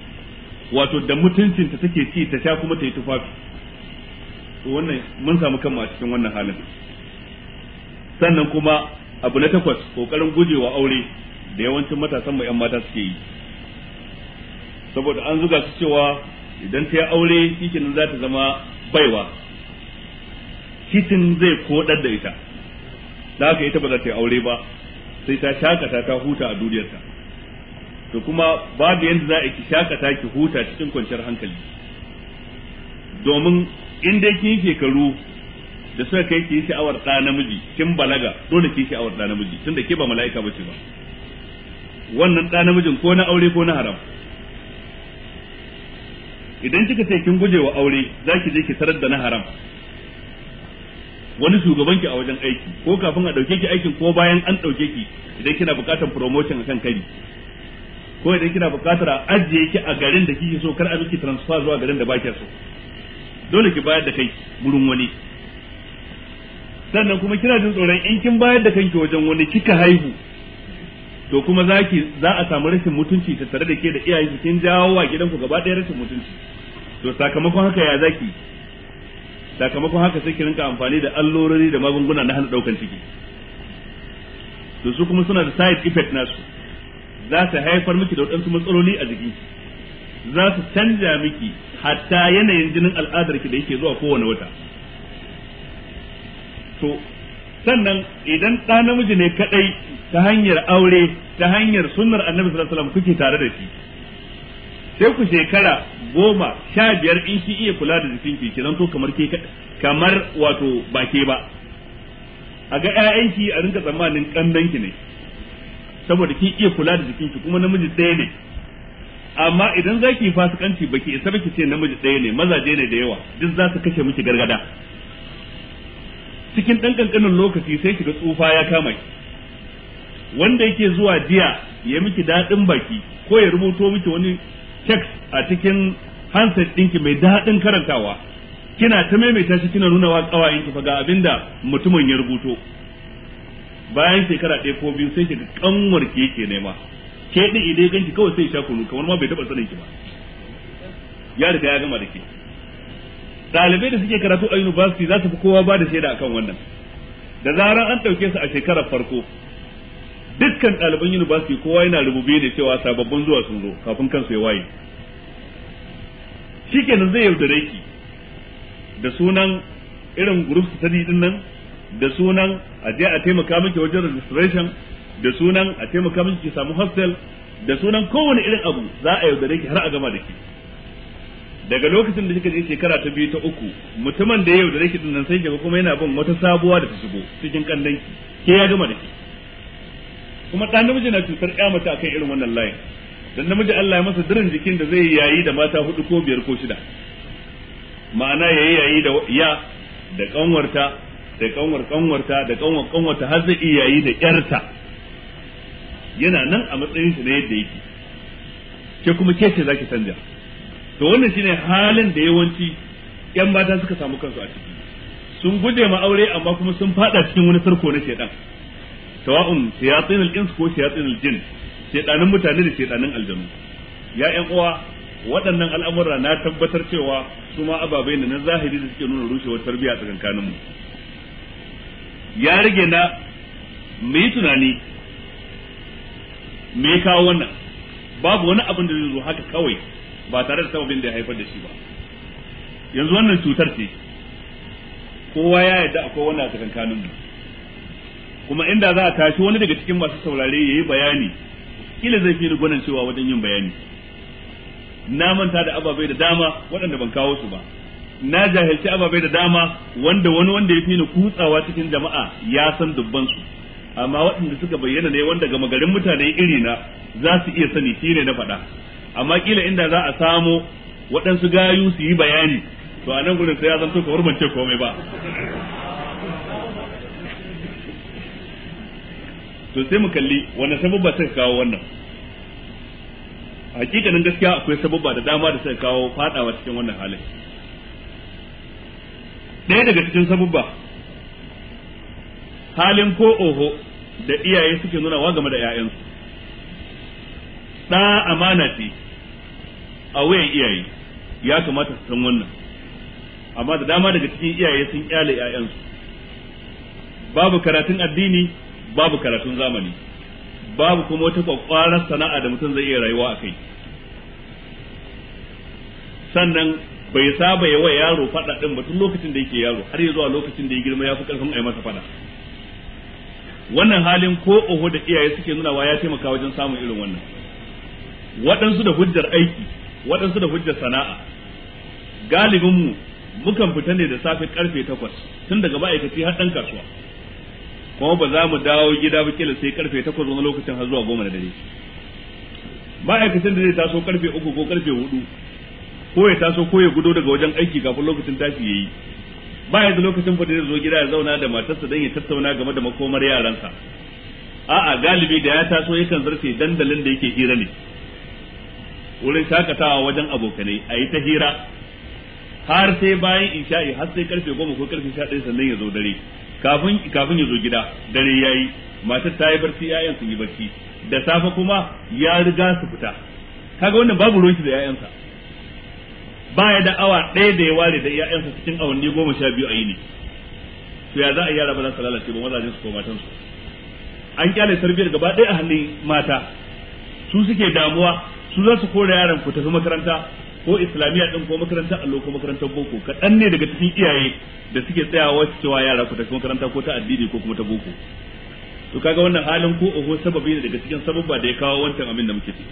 wato da mutuncin ta take ci ta sha kuma ta yi tufafi to wannan mun samu kanmu a cikin wannan halin sannan kuma abu na takwas kokarin gujewa aure da yawancin matasan mu yan mata suke yi saboda an zuga su cewa idan ta yi aure shikenan za ta zama baiwa kitin zai kodar da ita da haka ita ba za ta yi aure ba sai ta shakata ta huta a duniyarta to kuma babu yadda za a ki shakata ki huta cikin kwanciyar hankali domin in dai kin shekaru da suka kai ki sha'awar ɗa namiji kin balaga dole ki sha'awar ɗa namiji tunda ke ba mala'ika ce ba wannan ɗa namijin ko na aure ko na haram idan kika ce kin guje wa aure za ki je ki tarar da na haram wani shugaban ki a wajen aiki ko kafin a dauke ki aikin ko bayan an dauke ki idan kina bukatar promotion akan kari ko idan kina bukatar a ajiye ki a garin da kike so kar a miki transfer zuwa garin da baki so dole ki bayar da kai gurin wani sannan kuma kina jin tsoron in kin bayar da kanki wajen wani kika haihu to kuma zaki za a samu rashin mutunci tattare da ke da iyayen kin jawo wa gidanku gaba ɗaya rashin mutunci to sakamakon haka ya zaki sakamakon haka sai ki rinka amfani da allurori da magunguna na hana daukan ciki to su kuma suna da side effect nasu za su haifar miki da waɗansu matsaloli a jiki za su canja miki hatta yanayin jinin al'adarki da yake zuwa kowane wata to sannan idan ɗa namiji ne kaɗai ta hanyar aure ta hanyar sunnar annabi sallallahu alaihi wasallam kuke tare da shi sai ku shekara goma sha biyar in ki iya kula da jikin ki kiran to kamar ke kamar wato ba ke ba a ga ki a rinka tsammanin kandan ki ne saboda ki iya kula da jikin ki kuma namiji ɗaya ne amma idan zaki ki fasikanci baki isa ba ki ce namiji ɗaya ne mazaje ne da yawa duk za su kashe miki gargada cikin ɗan ƙanƙanin lokaci sai shiga tsufa ya kama ki wanda yake zuwa jiya ya miki daɗin baki ko ya rubuto miki wani text a cikin handset ɗinki mai daɗin karantawa kina ta maimaita shi kina nuna wa ƙawayen ki ga abinda mutumin ya rubuto bayan shekara ɗaya ko biyu sai shiga kanwar ki yake nema ke ɗin idan ganki kawai sai ya sha kunu kamar ma bai taɓa sanin ki ba ya riga ya gama da ke Dalibai da suke karatu a university za su fi kowa ba da shaida akan wannan da zarar an ɗauke su a shekarar farko dukkan ɗaliban university kowa yana rububi da cewa sababbin zuwa sun zo kafin kansu ya waye shi kenan zai yaudare ki da sunan irin group study din nan da sunan a je a taimaka miki wajen registration da sunan a taimaka miki ki samu hostel da sunan kowane irin abu za a yaudare ki har a gama da ki daga lokacin da kika je shekara ta biyu ta uku mutumin da yau da rake din nan sai kaga kuma yana bin wata sabuwa da ta shigo cikin kandanki ke ya gama da ke kuma ɗan namiji na cutar ƴa mace akan irin wannan layin dan namiji Allah ya masa dirin jikin da zai yayi da mata hudu ko biyar ko shida ma'ana yayi yayi da ya da kanwarta da kanwar kanwarta da kanwar kanwarta har zai iya yayi da ƴarta yana nan a matsayin shi na yadda yake ke kuma ke ce zaki canja to wannan shine halin da yawanci yan mata suka samu kansu a ciki sun guje ma aure amma kuma sun fada cikin wani sarko na shedan tawa'un shayatin al-ins ko shayatin al-jin shedanin mutane da shedanin aljanu ya yan uwa waɗannan al'amura na tabbatar cewa su ma ababai ne na zahiri da suke nuna rushewar tarbiyya tsakankanin mu ya rage na mu yi tunani me kawo wannan babu wani abin da zai zo haka kawai ba tare da sababin da ya haifar da shi ba yanzu wannan cutar ce kowa ya yadda akwai wanda a tsakankanin mu kuma inda za a tashi wani daga cikin masu saurare yi bayani kila zai fi gwanin cewa wajen yin bayani na manta da ababai da dama waɗanda ban kawo su ba na jahilci ababai da dama wanda wani wanda ya fi ni kutsawa cikin jama'a ya san dubban su amma waɗanda suka bayyana ne wanda ga garin mutane iri na za su iya sani shi ne na faɗa amma kila inda za a samo waɗansu gayu su yi bayani to a nan gudun sai ya zanto kamar mace komai ba to sai mu kalli wani sababba sai kawo wannan hakikanin gaskiya akwai sababba da dama da sai kawo fadawa cikin wannan halin ɗaya daga cikin sababba halin ko oho da iyaye suke nuna wa game da 'ya'yansu ɗa amana ce a wayan iyaye ya kamata su san wannan amma da dama daga cikin iyaye sun kyale ƴaƴansu babu karatun addini babu karatun zamani babu kuma wata kwakwaran sana'a da mutum zai iya rayuwa a kai sannan bai saba yawa yaro fada din ba tun lokacin da yake yaro har ya zuwa lokacin da ya girma ya fi karfin a yi masa fada wannan halin ko oho da iyaye suke nuna wa ya taimaka wajen samun irin wannan waɗansu da hujjar aiki waɗansu da hujjar sana'a galibinmu mukan fita ne da safe karfe takwas tun daga ma'aikaci har ɗan kasuwa kuma ba za mu dawo gida ba kila sai karfe takwas wani lokacin har zuwa goma da dare ma'aikacin da zai taso karfe uku ko karfe hudu ko ya taso ko ya gudo daga wajen aiki kafin lokacin tashi ya yi ba yanzu lokacin fa da zai zo gida ya zauna da matarsa don ya tattauna game da makomar yaransa a'a galibi da ya taso yakan zarce dandalin da yake hira ne wurin shakatawa wajen abokanai a yi ta hira har sai bayan in isha'i har sai karfe goma ko karfe sha ɗaya sannan ya zo dare kafin kafin ya zo gida dare ya yi matar ta yi barci yayan su yi barci da safe kuma ya riga su fita kaga wannan babu ruwan shi da yayansa ya da awa ɗaya da ya ware da yayansa cikin awanni goma sha biyu a yini to ya za a yara ba za su lalace ba mazajen su ko matan su an kyale tarbiyyar gaba ɗaya a hannun mata su suke damuwa su za su kore yaran ku tafi makaranta ko islamiyya din ko makarantar allo ko makarantar boko kaɗan ne daga cikin iyaye da suke tsayawa su cewa yara ku tafi makaranta ko ta addini ko kuma ta boko to kaga wannan halin ko oho sababi ne daga cikin sababba da ya kawo wancan abin da muke ci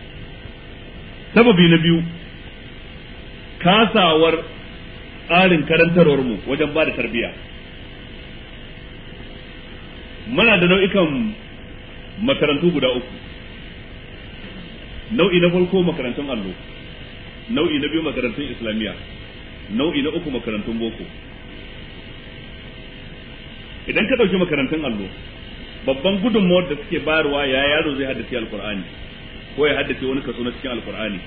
sababi na biyu kasawar tsarin karantarwar mu wajen ba da tarbiyya muna da nau'ikan makarantu guda uku nau'i na farko makarantun allo nau'i na biyu makarantun islamiyya nau'i na uku makarantun boko idan ka ɗauki makarantun allo babban gudunmawar da suke bayarwa ya yaro zai haddace alkur'ani ko ya haddace wani kaso na cikin alkur'ani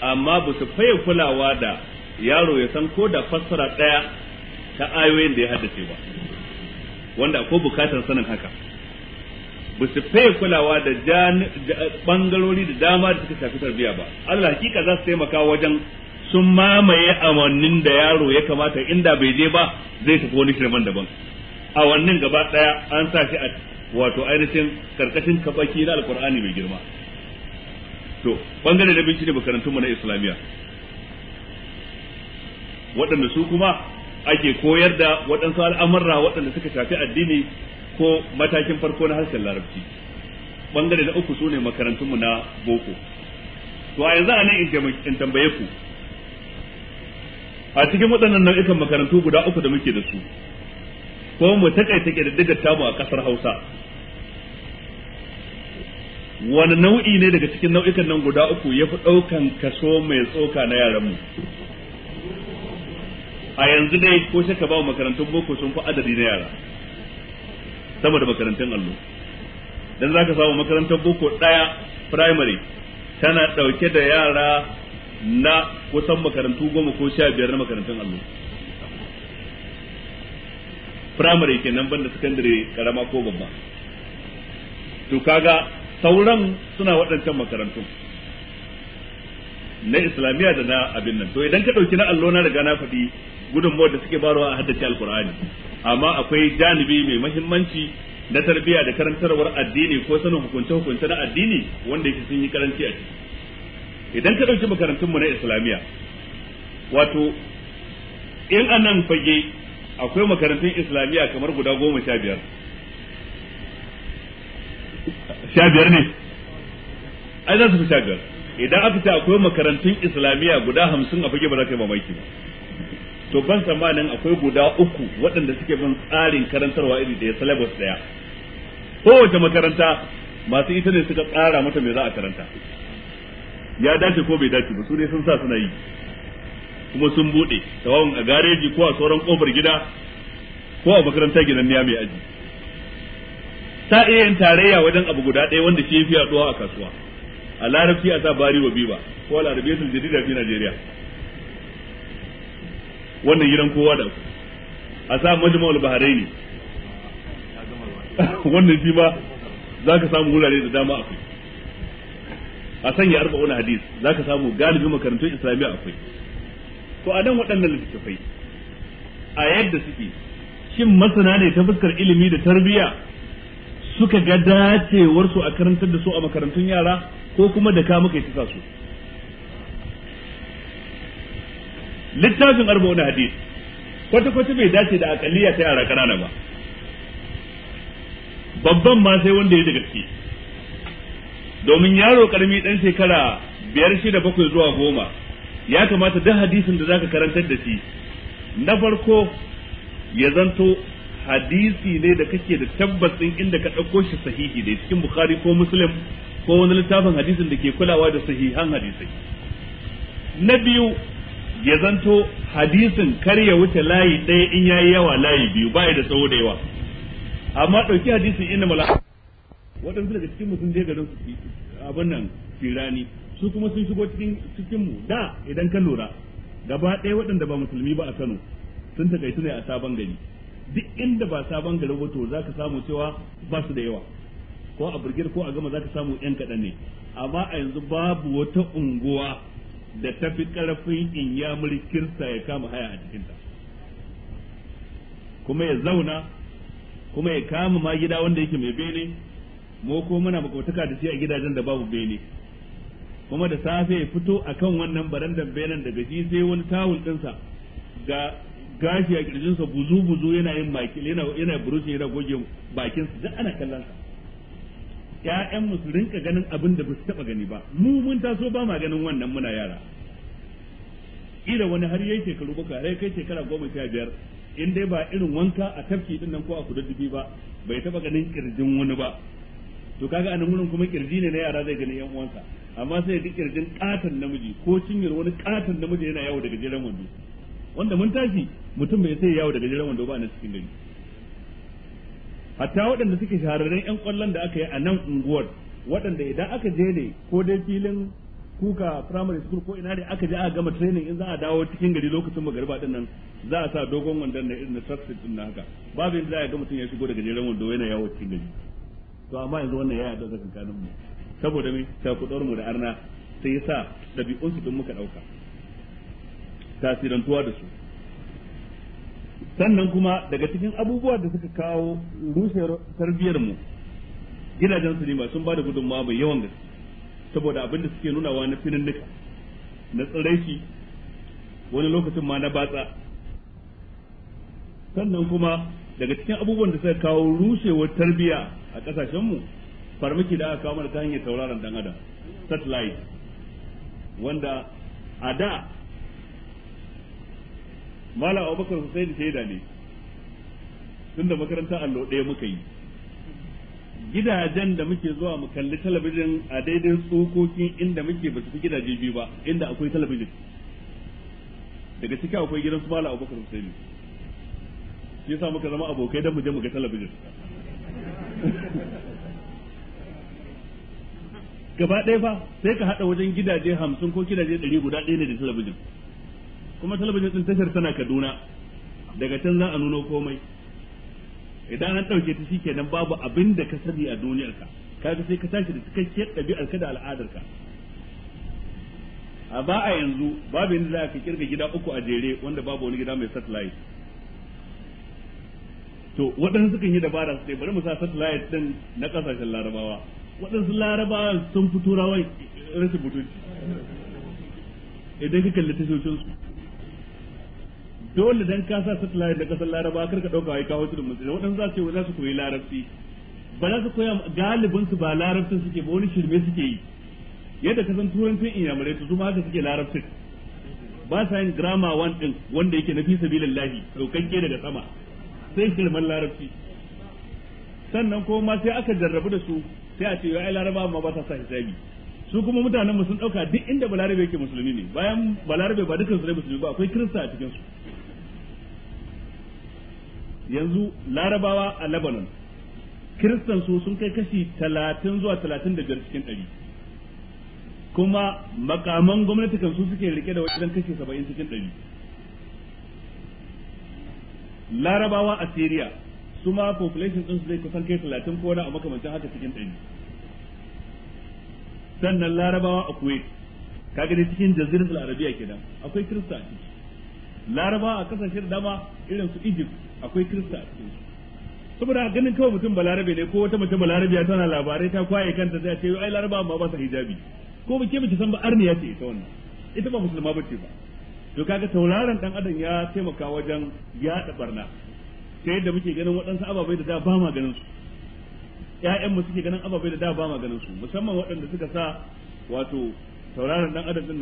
amma ba su faye kulawa da yaro ya san ko da fassara ɗaya ta ayoyin da ya haddace ba wanda akwai bukatar sanin haka ba su faye kulawa da bangarori da dama da suka shafi tarbiyya ba Allah hakika za su taimaka wajen sun mamaye amannin da yaro ya kamata inda bai je ba zai tafi wani shirman daban awannin gaba daya an sa shi a wato ainihin karkashin kabaki na alkur'ani mai girma to bangare da bincike makarantunmu na islamiyya waɗanda su kuma ake koyar da waɗansu al'amurra waɗanda suka shafi addini ko matakin farko na harshen larabci bangare na uku sune makarantunmu na boko to a yanzu a nan in tambaye ku a cikin waɗannan nau'ikan makarantu guda uku da muke da su ko mu takaita ƙididdigar tamu a ƙasar hausa wani nau'i ne daga cikin nau'ikan nan guda uku ya fi ɗaukan kaso mai tsoka na yaranmu a yanzu dai ko shaka ba makarantun boko sun fi adadi na yara sama da makarantun allo dan zaka samu makarantar boko daya primary tana dauke da yara na kusan makarantu goma ko sha biyar na makarantun allo primary kenan banda secondary karama ko babba to kaga sauran suna waɗancan makarantu na islamiyya da na abin nan to idan ka ɗauki na allo na riga na faɗi gudunmawar da suke barowa a haddace alkur'ani amma akwai janibi mai mahimmanci na tarbiyya da karantarwar addini ko sanin hukunce hukunce na addini wanda yake sun yi karanci a ciki idan ka ɗauki makarantun mu na islamiyya wato in anan fage akwai makarantun islamiyya kamar guda goma sha biyar sha biyar ne ai za su fi sha biyar idan aka ce akwai makarantun islamiyya guda hamsin a fage ba za ka yi mamaki ba to ban tsammanin akwai guda uku waɗanda suke bin tsarin karantarwa iri da ya salabas daya kowace makaranta masu ita ne suka tsara mata mai za a karanta ya dace ko bai dace ba su ne sun sa suna yi kuma sun buɗe tawon a gareji ko a sauran kofar gida ko a makaranta gidan niya mai aji ta iya yin tarayya wajen abu guda ɗaya wanda shi ya fi yaduwa a kasuwa a larabci a sa bari wa biba ko a larabiyatul jadida fi najeriya wannan gidan kowa da a sa baharai ne. wannan shi ba za ka samu wurare da dama akwai a sanya arba'un hadis ka samu galibin makarantun islamiyya akwai to a nan waɗannan littattafai a yadda suke shin masana ne ta fuskar ilimi da tarbiyya suka ga dacewarsu a karantar da su a makarantun yara ko kuma da ka muka yi su littafin arba'un hadis kwata kwata bai dace da akaliya ta yara kanana ba babban ma sai wanda ya da gaske domin yaro karami dan shekara biyar shida bakwai zuwa goma ya kamata duk hadisin da zaka karantar da shi na farko ya zanto hadisi ne da kake da tabbas tabbacin inda ka ɗauko shi sahihi da cikin bukhari ko muslim ko wani littafin hadisin da ke kulawa da sahihan hadisai na biyu ya zanto hadisin kar ya wuce layi ɗaya in yayi yawa layi biyu ba da tsawo da yawa amma ɗauki hadisin inna mala waɗansu daga cikin sun je garin abin nan firani su kuma sun shigo cikin cikinmu da idan ka lura gaba ɗaya waɗanda ba musulmi ba a Kano sun takaitu ne a sabon gari duk inda ba sabon gari ba to zaka samu cewa ba su da yawa ko a burgir ko a gama zaka samu yan kaɗan ne amma a yanzu babu wata unguwa da ta fi karfin in ya mulkinsa ya kama haya a cikinta kuma ya zauna kuma ya kama ma gida wanda yake mai bene mu ko muna makwataka da shi a gidajen da babu bene kuma da safe ya fito a kan wannan barandan benen da gaji sai wani tawul ɗinsa ga gashi a kirjinsa buzu buzu yana yin makil yana yana burushi yana goge bakinsa duk ana kallon ƴaƴan musu su rinka ganin abin da ba su taba gani ba mu mun taso ba ma ganin wannan muna yara ila wani har yayi shekaru baka rai kai shekara goma sha biyar in dai ba irin wanka a tafki din nan ko a kududdufi ba bai taba ganin kirjin wani ba to kaga anan wurin kuma kirji ne na yara zai gani yan uwansa amma sai ga kirjin katon namiji ko cinyar wani katan namiji yana yawo daga jiran wando wanda mun tashi mutum bai sai yawo daga jiran wando ba na cikin gari hatta waɗanda suke shahararren yan kwallon da aka yi a nan unguwar waɗanda idan aka je ne ko dai filin kuka primary school ko ina ne aka je aka gama training in za a dawo cikin gari lokacin magariba din nan za a sa dogon wandon na irin success din na haka babu yadda za a ga mutum ya shigo daga jeren wando yana yawo cikin gari to amma yanzu wannan ya da zaka kanin mu saboda me ta mu da arna sai yasa dabi'un su din muka dauka tasirantuwa da su sannan kuma daga cikin abubuwa da suka kawo rushe tarbiyyar mu gidajen sinima sun ba da gudunmawa mai yawan gaske saboda abin da suke nunawa na finin nika na tsiraici wani lokacin ma na batsa sannan kuma daga cikin abubuwan da suka kawo rushewar tarbiyya a kasashen mu farmaki da aka kawo mana ta hanyar tauraron dan adam satellite wanda a da malam abubakar da shaida ne tun da makarantar allo ɗaya muka yi gidajen da muke zuwa mu kalli talabijin a daidai tsokokin inda muke ba su fi gidaje biyu ba inda akwai talabijin daga ciki akwai gidan su mala abubakar sai shi yasa muka zama abokai don mu je mu ga talabijin gaba ɗaya fa sai ka haɗa wajen gidaje hamsin ko gidaje ɗari guda ɗaya ne da talabijin kuma talabijin din tashar tana Kaduna daga can za a nuno komai idan an ɗauke ta shikenan babu abin da ka sani a duniyarka kaga sai ka tashi da cikakke ɗabi'ar ka da al'adarka a ba a yanzu babu yanda za ka kirga gida uku a jere wanda babu wani gida mai satellite to waɗansu sukan yi dabara su bari mu sa satellite din na ƙasashen larabawa waɗansu larabawa sun fito rawai rashin mutunci idan ka kalli su dole dan ka sa satellite da kasar laraba kar ka dauka wai kawo tudun musulmi wadanda za su za su koyi larabci ba za su koya galibin su ba larabcin suke ba wani shirme suke yi yadda ka san turancin inyamurai su zuma haka suke larabcin ba sa yin grama one din wanda yake na fi sabilillahi daukakke daga sama sai shirman larabci sannan ko ma sai aka jarrabu da su sai a ce ya ai laraba amma ba sa sa hijabi su kuma mutanen mu sun dauka duk inda balarabe yake musulmi ne bayan balarabe ba dukkan su ne musulmi ba akwai kirista a cikin su yanzu larabawa a lebanon kiristan su sun kai kashi talatin zuwa talatin da biyar cikin ɗari kuma makaman gwamnati kan su suke rike da wajen kashi saba'in cikin ɗari larabawa a syria su ma population su zai kusan kai talatin ko wani a makamancin haka cikin ɗari sannan larabawa a kuwait kaga dai cikin jazirar arabiya kenan akwai kirista a ciki laraba a kasashen dama irin su egypt akwai kirista a cikin saboda ganin kawai mutum balarabe ne ko wata mace balarabe ya tana labarai ta kwaye kanta sai ce ai laraba amma ba sa hijabi ko ba ke bace san ba arniya ce ita wannan ita ba musulma bace ba to kaga tauraron dan adam ya taimaka wajen yaɗa barna ta yadda muke ganin waɗansu ababai da da ba ma ganin su ya'yanmu suke ganin ababai da da ba ma ganin su musamman waɗanda suka sa wato Sauraron dan adam din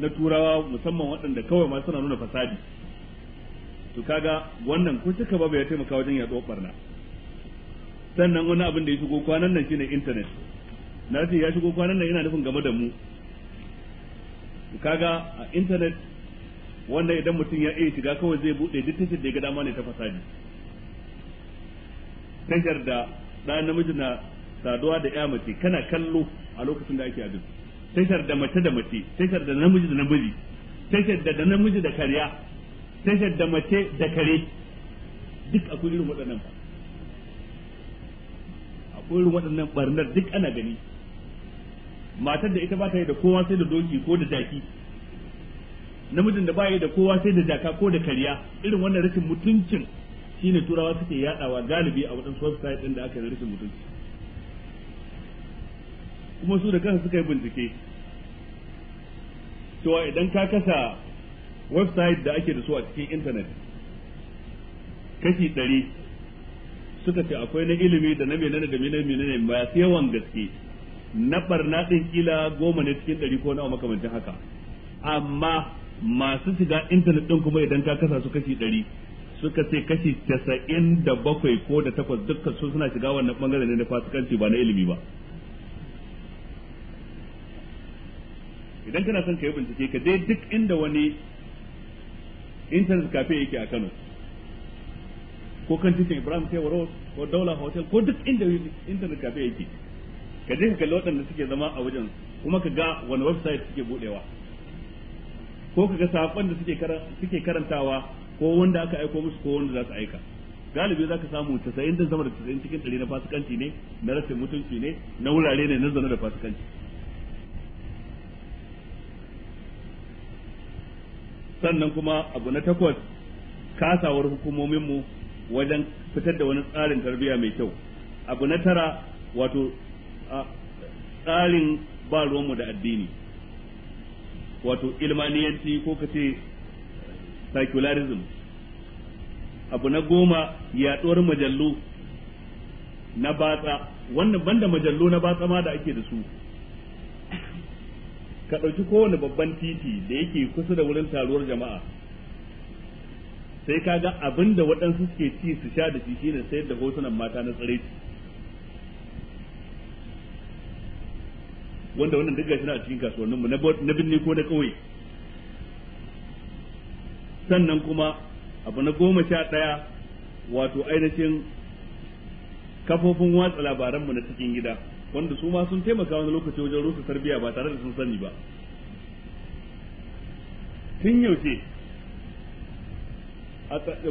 na turawa musamman waɗanda kawai ma suna nuna fasadi to kaga wannan ko suka ba ya taimaka wajen yaɗo barna sannan wani abin da ya shigo kwanan nan shine internet na ce ya shigo kwanan nan yana nufin game da mu kaga a internet wannan idan mutum ya iya shiga kawai zai bude duk tashar da ya ga dama ne ta fasadi tashar da ɗan namiji na saduwa da ya mace kana kallo a lokacin da ake abin tashar da mace da mace tashar da namiji da namiji tashar da namiji da kariya tashar da mace da kare duk akwai irin waɗannan ba akwai irin waɗannan barnar duk ana gani matar da ita ba ta yi da kowa sai da doki ko da jaki namijin da ba yi da kowa sai da jaka ko da kariya irin wannan rashin mutuncin shine turawa suke yadawa galibi a waɗansu website ɗin da aka yi rashin mutunci kuma su da kansu suka yi bincike cewa idan ka kasa website da ake da su a cikin intanet kashi ɗari suka ce akwai na ilimi da na menene da menene masu yawan gaske na barna ɗin kila goma ne cikin ɗari ko nawa makamancin haka amma masu shiga intanet ɗin kuma idan ka kasa su kashi ɗari suka ce kashi casa'in da bakwai ko da takwas dukkan su suna shiga wannan ɓangare ne na fasikanci ba na ilimi ba idan kana son ka yi bincike ka je duk inda wani internet cafe yake a Kano ko kan titin Ibrahim Tewa Road ko Daula Hotel ko duk inda internet cafe yake ka je ka kalli waɗanda suke zama a wajen kuma ka ga wani website suke budewa ko ka ga saƙon da suke karantawa ko wanda aka aiko musu ko wanda za su aika galibi za ka samu 90 da zama da 90 cikin 100 na fasikanci ne na rashin mutunci ne na wurare ne na zana da fasikanci sannan kuma abu na takwas kasawar hukumominmu wajen fitar da wani tsarin tarbiyya mai kyau abu na tara wato tsarin ba ruwanmu da addini wato ilmaniyanci ko ka ce secularism abu na goma yaɗuwar majallu na batsa wannan banda majallu na batsa ma da ake da su ka ɗauki kowane babban titi da yake kusa da wurin taruwar jama'a sai ka ga abin da waɗansu suke ci su sha da shi shine sayar da hotunan mata na tsare wanda wannan duk gashi na a cikin kasuwanninmu na binne ko na ƙauye sannan kuma abu na goma sha ɗaya wato ainihin kafofin watsa labaranmu na cikin gida wanda su ma sun taimaka wani lokaci wajen rusa tarbiya ba tare da sun sani ba tun yaushe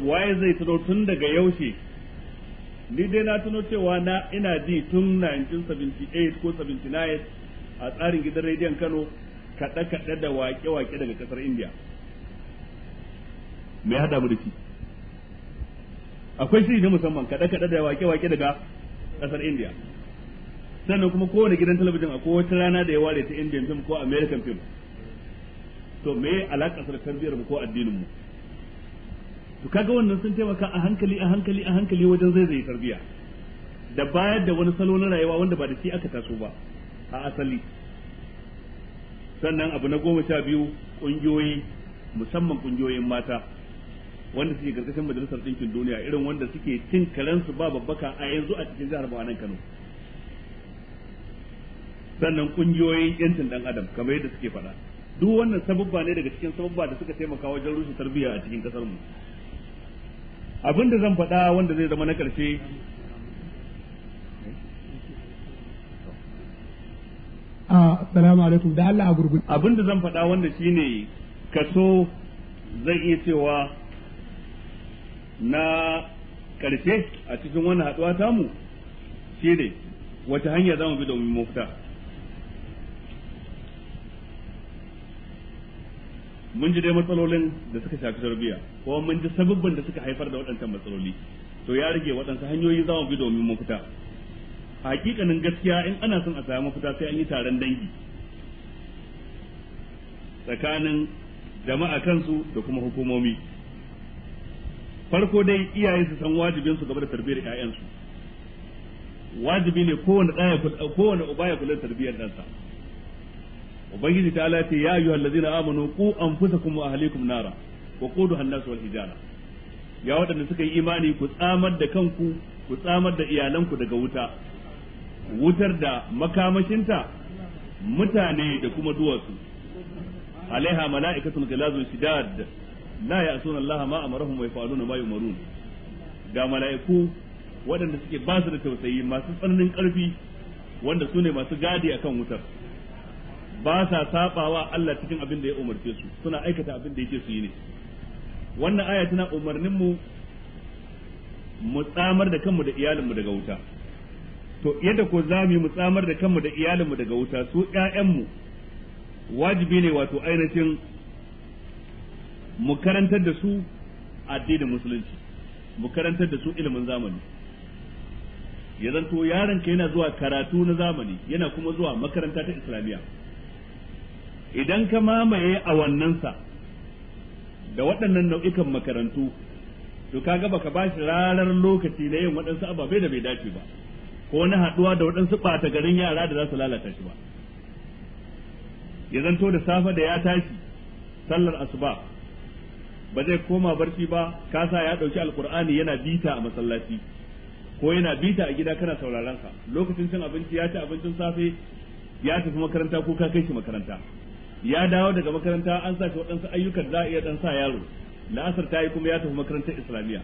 waye zai tuno tun daga yaushe ni dai na tuno cewa na ina ji tun 1978 ko 79 a tsarin gidan rediyon Kano kaɗe-kaɗe da waƙe-waƙe daga ƙasar India mai hada mu da shi akwai shiri na musamman kaɗe-kaɗe da waƙe-waƙe daga ƙasar India sannan kuma kowane gidan talabijin akwai wata rana da ya ware ta indian film ko american film to me alaƙa sa tarbiyyar mu ko addinin mu to kaga wannan sun taimaka a hankali a hankali a hankali wajen zaizaye tarbiyya da bayar da wani salo na rayuwa wanda ba da shi aka taso ba a asali sannan abu na goma sha biyu ƙungiyoyi musamman ƙungiyoyin mata wanda suke karkashin majalisar ɗinkin duniya irin wanda suke cin karensu ba babbaka a yanzu a cikin jihar Bawa Kano sannan kungiyoyin yancin dan adam kamar yadda suke faɗa duk wannan sababba ne daga cikin sababba da suka taimaka wajen rushe tarbiyya a cikin kasar mu abin da zan faɗa wanda zai zama na ƙarshe ah, Salamu alaikum da Allah a gurgun. Abin da zan faɗa wanda shine kaso zai iya cewa na ƙarshe a cikin wannan haɗuwa tamu shine wata hanya za mu bi domin mafita. mun ji dai matsalolin da suka shafi tarbiyya ko mun ji sababbin da suka haifar da waɗancan matsaloli to ya rage waɗansu hanyoyi za mu bi domin mafita hakikanin gaskiya in ana son a samu mafita sai an yi taron dangi tsakanin jama'a kansu da kuma hukumomi farko dai iyaye su san wajibin su game da tarbiyyar ƴaƴansu wajibi ne kowane ɗaya kowane uba ya kula da tarbiyyar ɗansa ubangiji ta alati ce ya ayyuha allazina amanu qu anfusakum wa ahlikum nara wa quduha an wal hijara ya waɗanda suka yi imani ku tsamar da kanku ku tsamar da iyalanku daga wuta wutar da makamashinta mutane da kuma duwatsu alaiha mala'ikatun gilazun shidad la ya'suna allaha ma amarahum wa yaf'aluna ma yumarun ga mala'iku waɗanda suke basu da tausayi masu tsananin ƙarfi wanda sune masu gadi akan wutar ba sa sabawa Allah cikin abin da ya umarce su suna aikata abin da yake su yi ne wannan aya tana umarnin mu mu tsamar da kanmu da iyalinmu daga wuta to yadda ko za mu tsamar da kanmu da iyalinmu daga wuta su mu wajibi ne wato ainihin mu karantar da su addinin musulunci mu karantar da su ilimin zamani ya zanto yaron ka yana zuwa karatu na zamani yana kuma zuwa makaranta ta islamiyya idan ka mamaye awannansa da waɗannan nau'ikan makarantu to kaga baka ba shi rarar lokaci na yin waɗansu ababe da bai dace ba ko na haɗuwa da waɗansu ɓata garin yara da za su lalata shi ba ya zanto da safe da ya tashi sallar asuba ba zai koma barci ba ka sa ya ɗauki alkur'ani yana bita a masallaci ko yana bita a gida kana sauraron sa lokacin cin abinci ya ci abincin safe ya tafi makaranta ko ka kai shi makaranta ya dawo daga makaranta an sa shi waɗansu ayyukan za a iya ɗan sa yaro la'asar ta yi kuma ya tafi makarantar islamiyya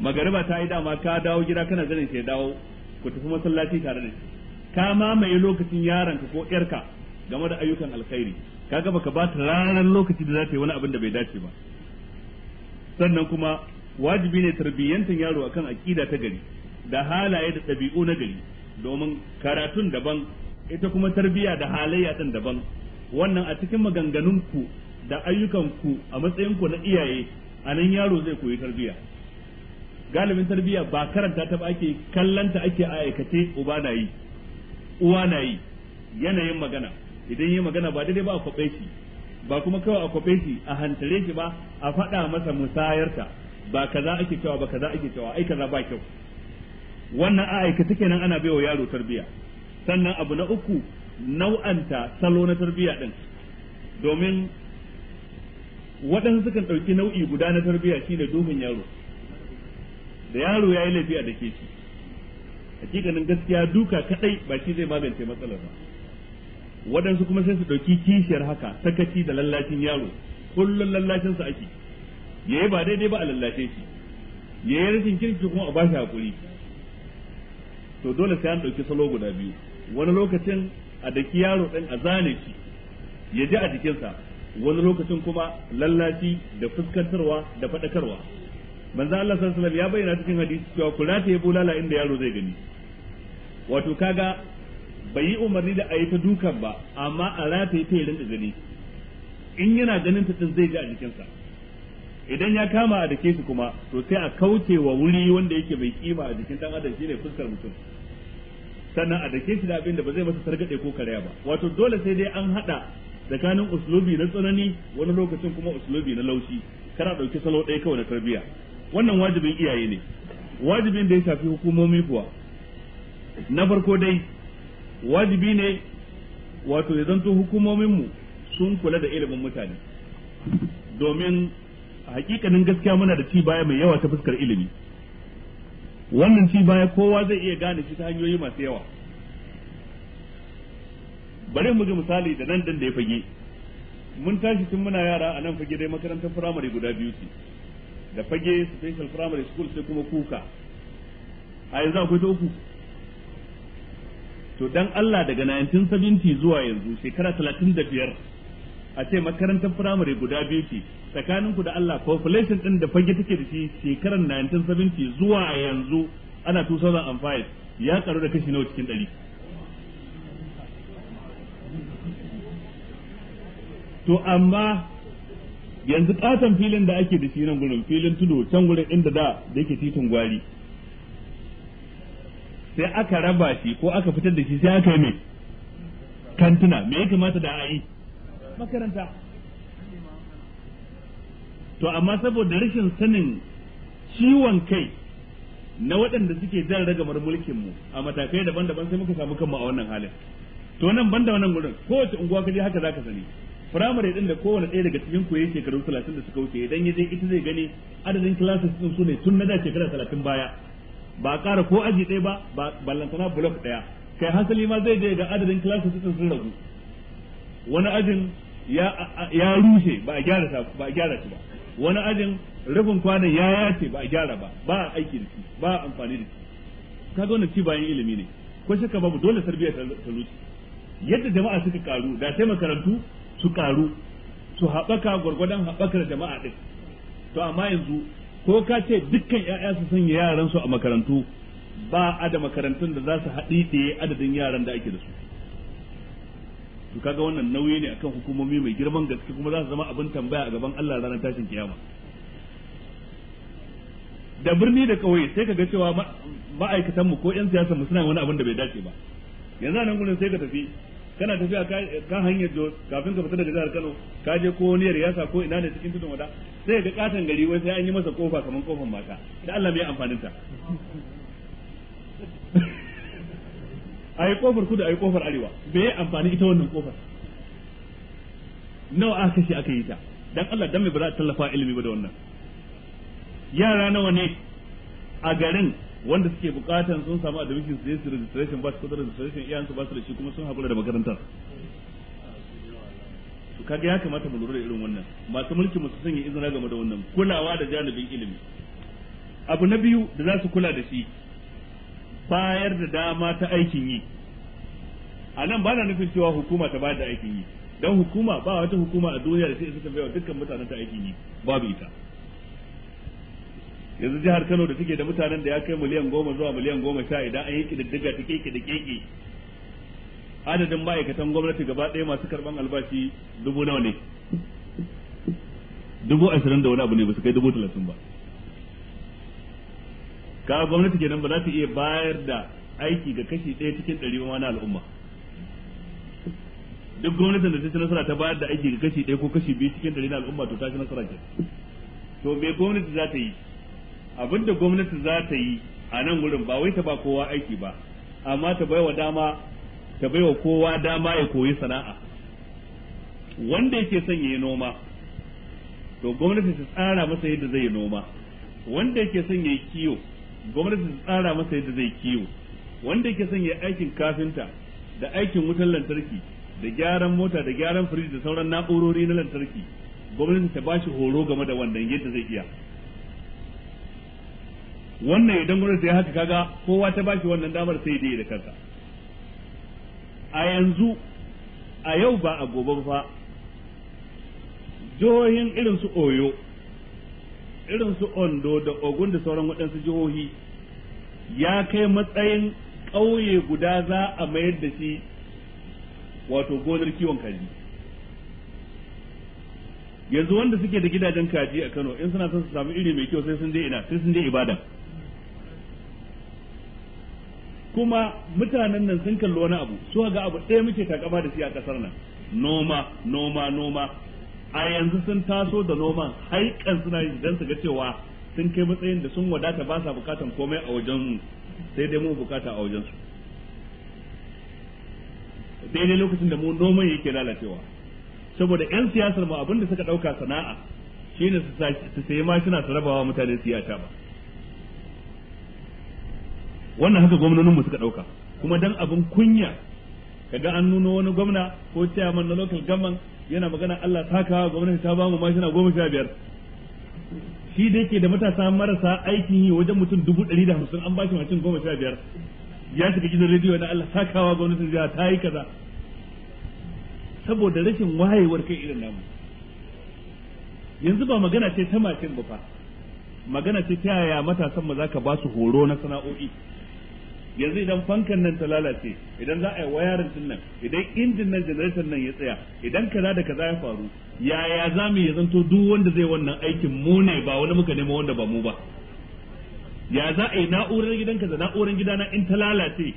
magariba ta yi dama ka dawo gida kana ganin ke dawo ku tafi masallaci tare da shi ka mamaye lokacin yaranka ko yarka game da ayyukan alkhairi ga baka ba ta ranar lokaci da za ta yi wani abin da bai dace ba sannan kuma wajibi ne tarbiyyantar yaro akan aƙida ta gari da halaye da ɗabi'u na gari domin karatun daban ita kuma tarbiyya da halayya ɗin daban wannan a cikin maganganunku da ayyukanku a matsayinku na iyaye a nan yaro zai koyi tarbiyya galibin tarbiyya ba karanta ta ba ake kallanta ake a aikace uba na yi uwa na yi yanayin magana idan yi magana ba daidai ba a kwaɓe shi ba kuma kawai a kwaɓe shi a hantare shi ba a faɗa masa musayarta ba kaza ake cewa ba kaza ake cewa ai kaza ba kyau wannan a aikace kenan ana baiwa yaro tarbiyya sannan abu na uku nau'anta salo na tarbiyya ɗin domin waɗansu sukan ɗauki nau'i guda na tarbiyya da duhun yaro da yaro ya yi laifi a da ke shi hakikanin gaskiya duka kaɗai ba shi zai magance matsalar ba waɗansu kuma sai su ɗauki kishiyar haka sakaci da lallacin yaro kullum lallacinsu ake ya yi ba daidai ba a lallace shi ya yi rashin kirki kuma a ba shi haƙuri to dole sai an ɗauki salo guda biyu wani lokacin a daki yaro ɗin a zane shi ya ji a jikinsa wani lokacin kuma lallaci da fuskantarwa da faɗakarwa manzo Allah sallallahu alaihi ya bayyana cikin hadisi cewa kula ta yabo lala inda yaro zai gani wato kaga bai yi umarni da a yi ta dukan ba amma a rata ta yi rinka gani in yana ganin ta din zai ji a jikinsa idan ya kama a dake shi kuma to sai a kauce wa wuri wanda yake mai kima a jikin dan adam shine fuskar mutum sannan a dake shi da abin da ba zai masa sargade ko karaya ba wato dole sai dai an hada tsakanin uslubi na tsanani wani lokacin kuma uslubi na laushi kana dauki salo ɗaya kawai na tarbiyya wannan wajibin iyaye ne wajibin da ya shafi hukumomi kuwa na farko dai wajibi ne wato ya zanto hukumominmu sun kula da ilimin mutane domin hakikanin gaskiya muna da ci baya mai yawa ta fuskar ilimi wannan ci baya kowa zai iya gane shi ta hanyoyi masu yawa bari mu ga misali da nan dan da ya fage mun tashi tun muna yara a nan fage dai makarantar firamare guda biyu ce da fage special primary school sai kuma kuka a yanzu akwai ta uku to dan Allah daga 1970 zuwa yanzu shekara 35 a ce makarantar firamare guda biyu ce tsakanin ku da Allah population din da fage take da shi shekarar 1970 zuwa a yanzu ana 2005 ya karu da kashi nawa cikin ɗari to amma yanzu katon filin da ake da shi nan gurin filin tudu can gurin inda da da yake titin gwari sai aka raba shi ko aka fitar da shi sai aka yi mai kantuna me ya kamata da a yi makaranta to amma saboda rashin sanin ciwon kai na waɗanda suke jan ragamar mulkin mu a matakai daban-daban sai muka samu kanmu a wannan halin to nan banda wannan gurin kowace unguwa kaje haka za ka sani firamare din da kowane ɗaya daga cikin koyi shekaru talatin da suka wuce idan ya je ita zai gani adadin classes din su ne tun na da shekara talatin baya ba a ƙara ko aji ɗaya ba ba ballantana block ɗaya kai hasali ma zai je ga adadin classes din sun ragu wani ajin ya rushe ba a gyara ta ba a gyara shi ba wani ajin rufin kwanan ya yace ba a gyara ba ba a aiki da shi ba a amfani da shi kaga wannan ci bayan ilimi ne ko shakka babu dole tarbiyya ta rushe yadda jama'a suka karu da sai makarantu su karu su haɓaka gwargwadon haɓakar jama'a ɗin to amma yanzu ko ka ce dukkan 'ya'ya su sanya yaran su a makarantu ba a da makarantun da za su haɗi ɗaya adadin yaran da ake da su to kaga wannan nauyi ne akan hukumomi mai girman gaske kuma za su zama abin tambaya a gaban Allah ranar tashin kiyama da birni da kauye sai ka ga cewa ma'aikatan mu ko yan siyasa mu suna wani abin da bai dace ba yanzu nan gurin sai ka tafi kana tafiya ka hanyar Jos kafin ka fita daga jihar Kano ka je ko wani yasa ko ina ne cikin tudun wada sai ga katan gari wai sai an yi masa kofa kaman kofan mata da Allah mai amfanin ta a yi kofar kudu a yi kofar arewa bai amfani ita wannan kofar nawa aka kashe aka yi ta dan Allah dan me ba za a tallafa ilimi ba da wannan yara nawa ne a garin wanda suke bukatan sun samu admission su je su registration ba su da registration iyayen su ba su da shi kuma sun haɓura da makarantar to kaga ya kamata mu lura da irin wannan masu mulki mu sanya izina game da wannan kulawa da janibin ilimi abu na biyu da za su kula da shi bayar da dama ta aikin yi a nan ba na nufin cewa hukuma ta bayar da aikin yi don hukuma ba wata hukuma a duniya da sai suka bayar dukkan mutanen ta aikin yi babu ita yanzu jihar Kano da take da mutanen da ya kai miliyan goma zuwa miliyan goma sha idan an yi kididdiga ta keke da keke adadin ma'aikatan gwamnati gaba ɗaya masu karɓan albashi dubu nawa ne dubu ashirin da wani abu ne ba su kai dubu talatin ba ka gwamnati kenan ba za ta iya bayar da aiki ga kashi ɗaya cikin ɗari ba na al'umma duk gwamnatin da ta ci nasara ta bayar da aiki ga kashi ɗaya ko kashi biyu cikin ɗari na al'umma to ta ci nasara ke to me gwamnati za ta yi abinda gwamnati za ta yi a nan wurin ba wai ta ba kowa aiki ba amma ta baiwa dama ta baiwa kowa dama ya koyi sana'a wanda yake son yi noma to gwamnati ta tsara masa yadda zai yi noma wanda yake son yi kiwo gwamnati ta tsara masa yadda zai kiwo wanda yake son ya aikin kafinta da aikin wutar lantarki da gyaran mota da gyaran firiji da sauran na'urori na lantarki gwamnati ta bashi horo game da wannan yadda zai iya wannan idan gwamnati ya haka kaga kowa ta bashi wannan damar sai dai da kansa a yanzu a yau ba a gobe ba jihohin irin su oyo irin su ondo da ogun da sauran waɗansu jihohi ya kai matsayin ƙauye guda za a mayar da shi wato gonar kiwon kaji yanzu wanda suke da gidajen kaji a kano in suna son su samu iri mai kyau sai sun je ina sai sun je ibada kuma mutanen nan sun kalli wani abu su ga abu ɗaya muke takama da shi a ƙasar nan noma noma noma a yanzu sun taso da noman haikan suna yi don su ga cewa sun kai matsayin da sun wadata ba sa bukatan komai a wajen sai dai mu bukata a wajen su daidai lokacin da mu noman yake lalacewa saboda yan siyasar mu abinda suka dauka sana'a shine su sayi mashina su rabawa mutane su yata ba wannan haka gwamnonin mu suka dauka kuma dan abin kunya kaga an nuno wani gwamna ko chairman na local government yana magana Allah ta ka gwamnati ta bamu mashina goma sha biyar shi da yake da matasa marasa aikin yi wajen mutum dubu ɗari da hamsin an shi mashin goma sha biyar ya shiga gidan rediyo na Allah sakawa gwamnatin jiha ta yi kaza saboda rashin wayewar kai irin namu yanzu ba magana ce ta mashin ba fa magana ce ta yaya matasan mu zaka ba su horo na sana'o'i yanzu idan fankan nan ta lalace idan za a yi wayarin din nan idan injin nan generator nan ya tsaya idan kaza da kaza ya faru yaya za mu ya zanto duk wanda zai wannan aikin mu ne ba wani muka nemo wanda ba mu ba ya za a yi na'urar gidanka da na'urar gidana in ta lalace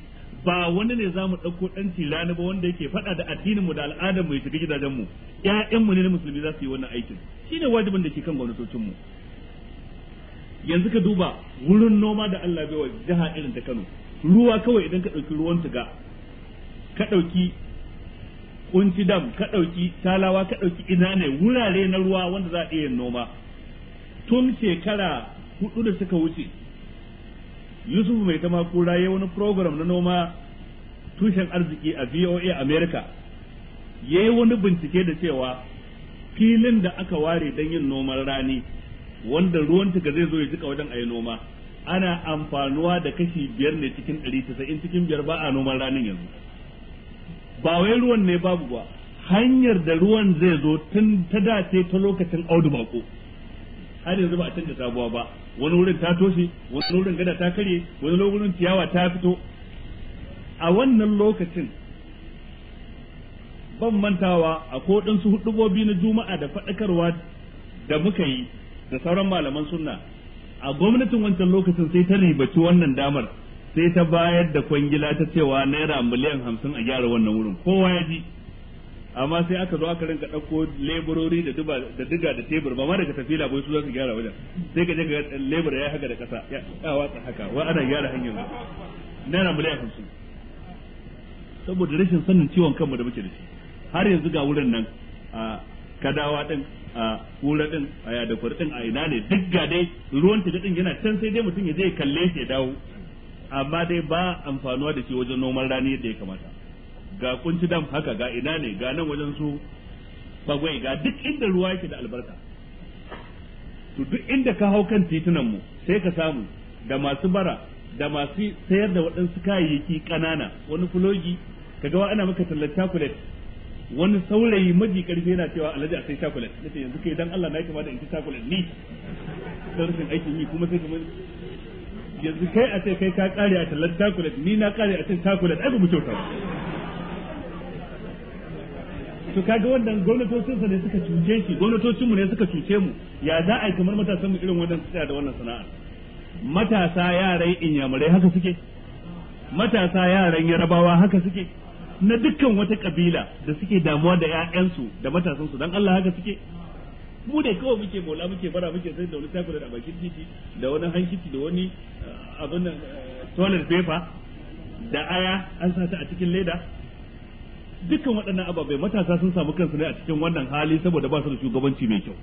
ba wani ne za mu ɗauko ɗan tilani ba wanda yake faɗa da mu da al'adar al'adarmu ya shiga gidajenmu mu ne na musulmi za su yi wannan aikin shine wajibin da ke kan mu yanzu ka duba wurin noma da Allah bai wa jiha irin ta Kano ruwa kawai idan ka ɗauki ruwan tuga ka ɗauki kunci dam ka ɗauki talawa ka ɗauki ina ne wurare na ruwa wanda za a iya noma tun shekara hudu da suka wuce yusuf mai ta makura ya wani program na noma tushen arziki a voa america ya yi wani bincike da cewa filin da aka ware don yin noman rani wanda ruwan tuga zai zo ya jika wajen a yi noma ana amfanuwa da kashi biyar ne cikin ɗari tasa'in cikin biyar ba a noman ranin yanzu ba wai ruwan ne babu ba hanyar da ruwan zai zo tun ta dace ta lokacin audu bako har yanzu ba a canza sabuwa ba wani wurin ta toshe wani wurin gada ta karye wani wurin ciyawa ta fito a wannan lokacin ban mantawa a su hudubobi na juma'a da faɗakarwa da muka yi da sauran malaman sunna a gwamnatin wancan lokacin sai ta ribaci wannan damar sai ta bayar da kwangila ta cewa naira miliyan hamsin a gyara wannan wurin kowa ya ji amma sai aka zo aka rinka ɗauko leburori da duba da diga da tebur ba ma daga tafi bai su za su gyara wajen sai ka je ga lebur ya haka da ƙasa ya watsa haka wa ana gyara hanyar naira miliyan hamsin saboda rashin sanin ciwon kanmu da muke da shi har yanzu ga wurin nan a kadawa din a kura din a yada din a ina ne duk ga dai ruwan ta yana can sai dai mutum ya zai kalle shi ya dawo amma dai ba amfanuwa da shi wajen noman rani yadda ya kamata ga kunci dam haka ga ina ne ga nan wajen su bagwai ga duk inda ruwa yake da albarka to duk inda ka hau kan titunan mu sai ka samu da masu bara da masu sayar da waɗansu kayayyaki ƙanana wani fulogi kaga ana maka tallar chocolate wani saurayi maji karfi yana cewa alhaji a sai chocolate nace yanzu kai dan Allah na kama da in ci chocolate ni dan rashin aikin yi kuma sai kuma yanzu kai a ce kai ka kare a tallan chocolate ni na kare a cin chocolate ai ba mu kyauta to kaga wannan gwamnatocin sa ne suka cuce shi gwamnatocin mu ne suka cuce mu ya za a yi kamar matasan mu irin wannan tsaya da wannan sana'a matasa yaran inyamurai haka suke matasa yaran yarabawa haka suke na dukkan wata kabila da suke damuwa da ƴaƴansu da matasansu dan Allah haka suke mu ne kawai muke mola muke fara muke sai da wani takula da bakin titi da wani hankiti da wani eh, abin nan eh, toilet paper da aya an sa ta a cikin leda dukkan waɗannan ababe matasa sun samu kansu ne a cikin wannan hali saboda ba su da shugabanci mai kyau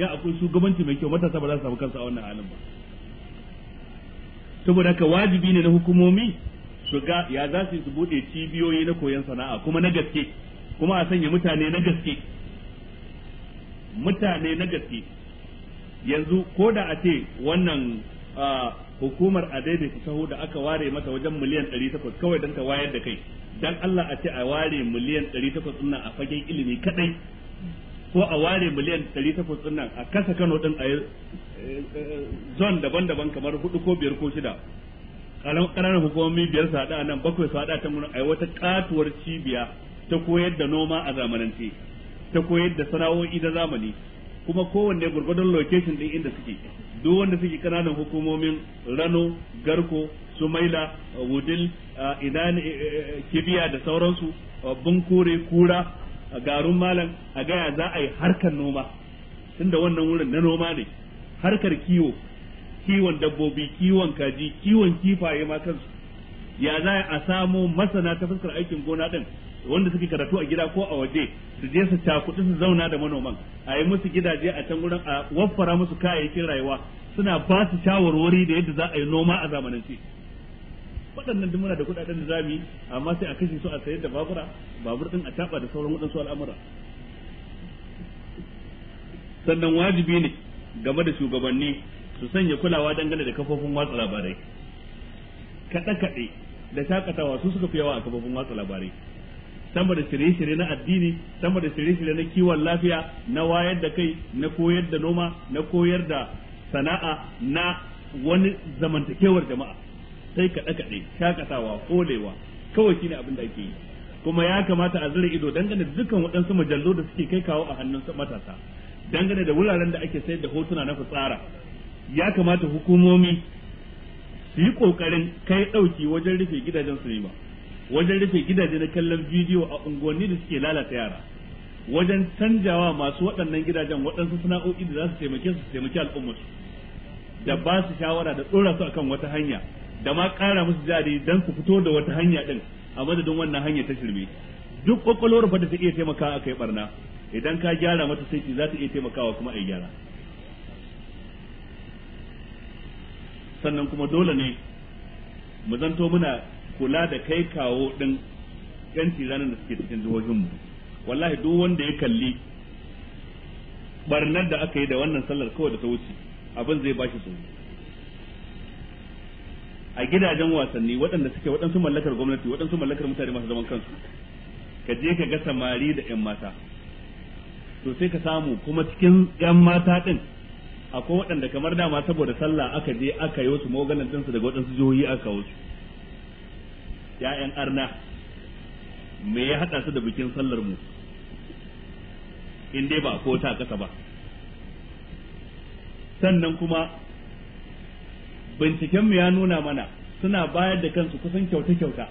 ya akwai shugabanci mai kyau matasa ba za su samu kansu a wannan halin ba saboda haka wajibi ne na hukumomi su ga ya za su bude cibiyoyi na koyon sana'a kuma na gaske kuma a sanya mutane na gaske mutane na gaske yanzu ko da a ce wannan hukumar a daidaita sahu da aka ware mata wajen miliyan 800 kawai don ta wayar da kai dan Allah a ce a ware miliyan 800 suna a fagen ilimi kadai ko a ware miliyan 800 suna a kasa Kano din a eh, eh, zon daban-daban kamar hudu ko biyar ko shida ƙananan hukumomi biyar su haɗa nan bakwai su haɗa ta mun ai wata katuwar cibiya ta koyar da noma a zamanance ta koyar da sana'o'i da zamani kuma kowanne gurgurdan location din inda suke duk wanda suke kananan hukumomin rano garko sumaila wudil idan e, e, e, kibiya da sauransu bunkure kura Garun malam a gaya za a yi harkar noma tunda wannan wurin na noma ne harkar kiwo kiwon dabbobi kiwon kaji kiwon kifaye ma kansu ya za a samo masana ta fuskar aikin gona din wanda suke karatu a gida ko a waje su je su takuɗi su zauna da manoman a yi musu gidaje a can gurin a waffara musu kayayyakin rayuwa suna ba su shawarwari da yadda za a yi noma a zamanance waɗannan duk muna da kuɗaɗen da zamu yi amma sai a kashe su a sayar da babura babur din a taba da sauran waɗansu al'amura sannan wajibi ne game da shugabanni su sanya kulawa dangane da kafofin watsa labarai kaɗe-kaɗe da shakatawa su suka fi yawa a kafofin watsa labarai sama shirye-shirye na addini sama da shirye-shirye na kiwon lafiya na wayar da kai na koyar da noma na koyar da sana'a na wani zamantakewar jama'a sai kaɗe-kaɗe shakatawa kolewa kawai shine abin da ake yi kuma ya kamata a zura ido dangane da dukkan waɗansu majallu da suke kai kawo a hannun matasa dangane da wuraren da ake sayar da hotuna na fitsara ya kamata hukumomi su yi kokarin kai dauki wajen rufe gidajen su ba wajen rufe gidaje na kallon bidiyo a unguwanni da suke lalata yara wajen canjawa masu waɗannan gidajen waɗansu sana'o'i da za su taimake su taimaki al'ummar da ba su shawara da tsora su akan wata hanya da ma ƙara musu jari don su fito da wata hanya ɗin a madadin wannan hanya ta shirme duk kwakwalwar fa da ta iya taimaka a kai barna idan ka gyara mata sai za ta iya taimakawa kuma a gyara sannan kuma dole ne mu zanto muna kula da kai kawo din yanci ranar da suke cikin jihohinmu wallahi duk wanda ya kalli barnar da aka yi da wannan sallar kawai da ta wuce abin zai bashi su a gidajen wasanni waɗanda suke waɗansu mallakar gwamnati waɗansu mallakar mutane masu zaman kansu ka je ka ga samari da 'yan mata sosai ka samu kuma cikin 'yan mata ɗin akwai waɗanda kamar dama saboda sallah aka je aka yi wasu maganin ɗinsu daga waɗansu jihohi aka wasu ‘ya'yan arna me ya haɗa su da bikin sallar mu in dai ba ko ta kasa ba sannan kuma bincikenmu ya nuna mana suna bayar da kansu kusan kyauta-kyauta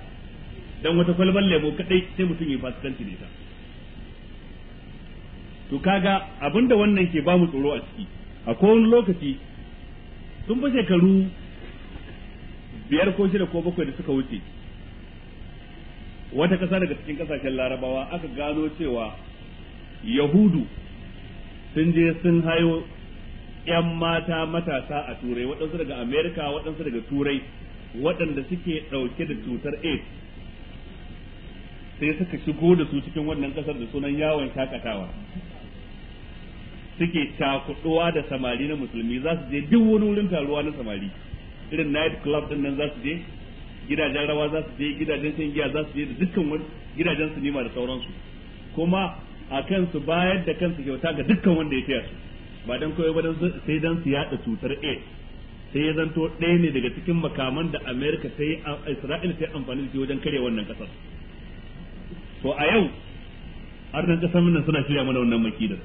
don wata kwalbar lemo kaɗai sai mutum ya fasikanci da ita to kaga abinda wannan ke ba mu tsoro a ciki akwai wani lokaci sun fi shekaru biyar ko shida ko bakwai da suka wuce wata ƙasa daga cikin ƙasashen larabawa aka gano cewa yahudu sun je sun hayo 'yan mata matasa a turai waɗansu daga amerika waɗansu daga turai waɗanda suke ɗauke da cutar aids sai suka shigo da su cikin wannan ƙasar da sunan yawon shakatawa suke takuduwa da samari na musulmi za su je duk wani wurin taruwa na samari irin night club din nan za su je gidajen rawa za su je gidajen shan giya za su je da dukkan wani gidajen su sinima da sauransu kuma a kansu bayar da kansu kyauta ga dukkan wanda ya taya su ba dan koyo ba dan sai dan su yada cutar A sai ya zanto ɗaya ne daga cikin makaman da America ta yi Isra'ila ta yi amfani da shi wajen kare wannan kasar to a yau har nan kasar nan suna shirya mana wannan makidar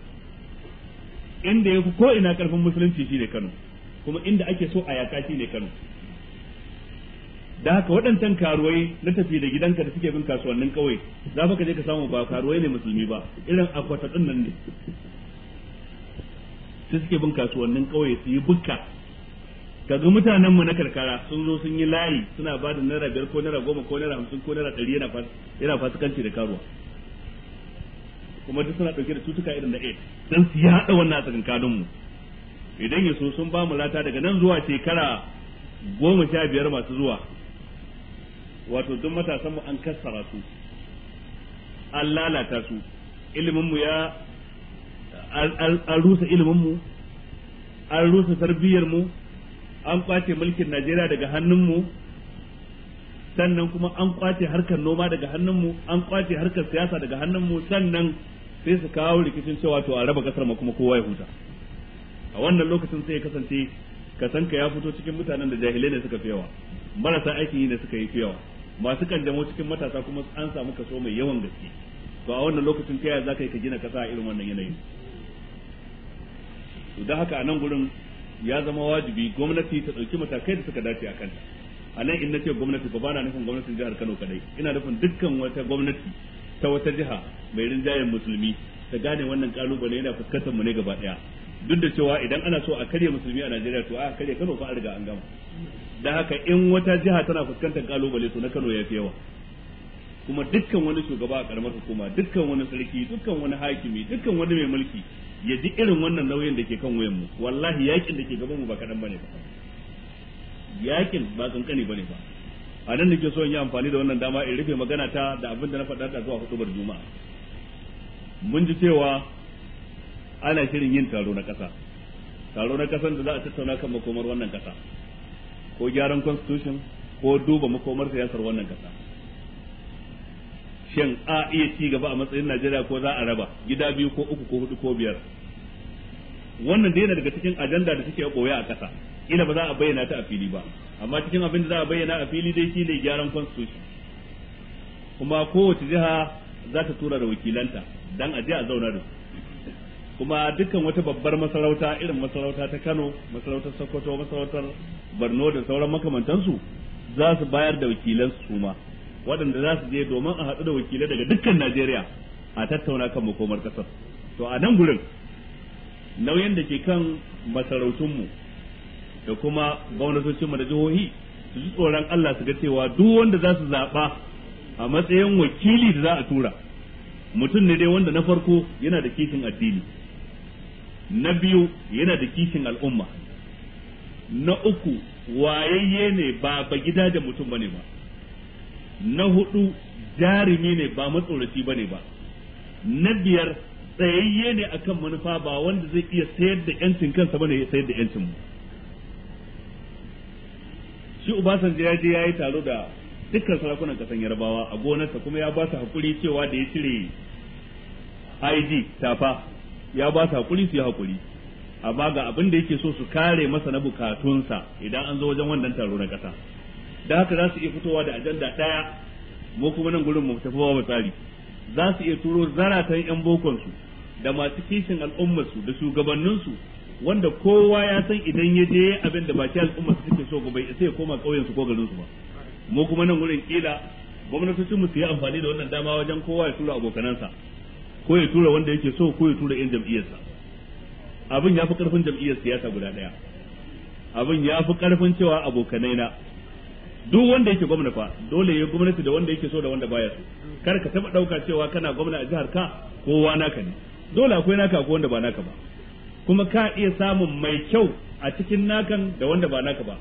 inda ya ko ina karfin musulunci shi ne Kano kuma inda ake so a yaka ne Kano da haka waɗancan karuwai na tafi da gidanka da suke bin kasuwannin kawai za ka je ka samu ba karuwai ne musulmi ba irin akwata din nan ne su suke bin kasuwannin kawai su yi bukka kaga mutanen mu na karkara sun zo sun yi layi suna ba da naira biyar ko naira goma ko naira hamsin ko naira ɗari yana fasikanci da karuwa kuma duk suna dauke da cutuka irin da AIDS dan su yaɗa wannan a mu idan so sun ba mu lata daga nan zuwa shekara goma sha biyar masu zuwa wato duk matasan mu an kassara su an lalata su ilimin mu ya an rusa ilimin mu an rusa tarbiyyar mu an kwace mulkin Najeriya daga hannun mu sannan kuma an kwace harkar noma daga hannunmu an kwace harkar siyasa daga hannunmu sannan sai su kawo rikicin cewa to a raba kasar ma kuma kowa ya huta a wannan lokacin sai ya kasance kasanka ya fito cikin mutanen da jahilai ne suka fi yawa marasa aikin yi ne suka yi fi yawa masu kanjamau cikin matasa kuma an samu kaso mai yawan gaske to a wannan lokacin ta yaya zaka yi ka gina kasa a irin wannan yanayin to dan haka a nan gurin ya zama wajibi gwamnati ta ɗauki matakai da suka dace a kanta a nan in nace gwamnati ba na nufin gwamnatin jihar Kano kadai ina nufin dukkan wata gwamnati ta wata jiha mai rinjayen musulmi ta gane wannan kalubale yana fuskantar mu ne gaba daya duk da cewa idan ana so a karya musulmi a Najeriya to a karya Kano fa riga an gama da haka in wata jiha tana fuskantar kalubale to na Kano yafi yawa kuma dukkan wani shugaba a karamar hukuma dukkan wani sarki dukkan wani hakimi dukkan wani mai mulki ya ji irin wannan nauyin da ke kan wayan mu wallahi yakin da ke gaban mu ba kadan bane ba yakin ba kankani bane ba a nan nake so in yi amfani da wannan dama in rufe magana ta da abin da na faɗa da zuwa hutubar juma'a mun ji cewa ana shirin yin taro na ƙasa taro na ƙasan da za a tattauna kan makomar wannan ƙasa ko gyaran constitution ko duba makomar siyasar wannan ƙasa shin a iya ci gaba a matsayin Najeriya ko za a raba gida biyu ko uku ko hudu ko biyar wannan dai yana daga cikin ajanda da suke ɓoye a ƙasa kila ba za a bayyana ta a fili ba amma cikin abin da za a bayyana a fili dai shine gyaran constitution kuma kowace jiha za ta tura da wakilanta dan a je a zauna da kuma dukkan wata babbar masarauta irin masarauta ta Kano masarautar Sokoto masarautar Borno da sauran makamantansu za su bayar da wakilan su ma waɗanda za su je domin a haɗu da wakilai daga dukkan Najeriya a tattauna kan makomar ƙasar to a nan gurin nauyin da ke kan masarautunmu da kuma gwamnatocin da jihohi su ji tsoron Allah su ga cewa duk wanda za su zaɓa a matsayin wakili da za a tura mutum ne dai wanda na farko yana da kishin addini na biyu yana da kishin al'umma na uku wayayye ne ba ba gida da mutum bane ba na hudu jarumi ne ba matsoraci bane ba na biyar tsayayye ne akan manufa ba wanda zai iya sayar da yancin kansa bane ya sayar da yancin mu shi Obasanjo ya je ya yi taro da dukkan sarakunan kasan Yarbawa a gonarsa kuma ya ba su hakuri cewa da ya cire ID tafa ya ba su hakuri su yi hakuri amma ga abin da yake so su kare masa na bukatunsa idan an zo wajen wannan taro na kasa da haka za su iya fitowa da ajanda ɗaya mu kuma nan gurin mu tafi ba tsari za su iya turo zaratan yan bokonsu da masu kishin al'ummarsu da shugabanninsu wanda kowa ya san idan ya je abin da baki al'umma su suke so bai sai ya koma ƙauyen su ko garin su ba mu kuma nan wurin kila gwamnatocin mu su yi amfani da wannan dama wajen kowa ya tura abokanansa ko ya tura wanda yake so ko ya tura yan jam'iyyarsa abin ya fi karfin jam'iyyar siyasa guda daya abin ya fi karfin cewa abokanai na duk wanda yake gwamna fa dole ya gwamnati da wanda yake so da wanda baya so kar ka taba dauka cewa kana gwamna a jihar ka kowa naka ne dole akwai naka akwai wanda ba naka ba kuma ka iya samun mai kyau a cikin nakan da wanda ba naka ba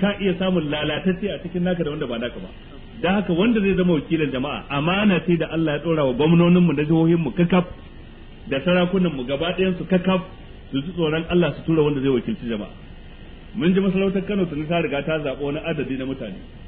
ka iya samun lalatacce a cikin naka da wanda ba naka ba Da haka wanda zai zama wakilin jama'a amana ce da Allah ya tsora wa gwamnonin mu da jihohin mu kakaf da sarakunan mu gaba ɗayan su kakaf su ji tsoron Allah su tura wanda zai wakilci jama'a mun ji masarautar Kano tun ta riga ta zaɓo wani adadi na mutane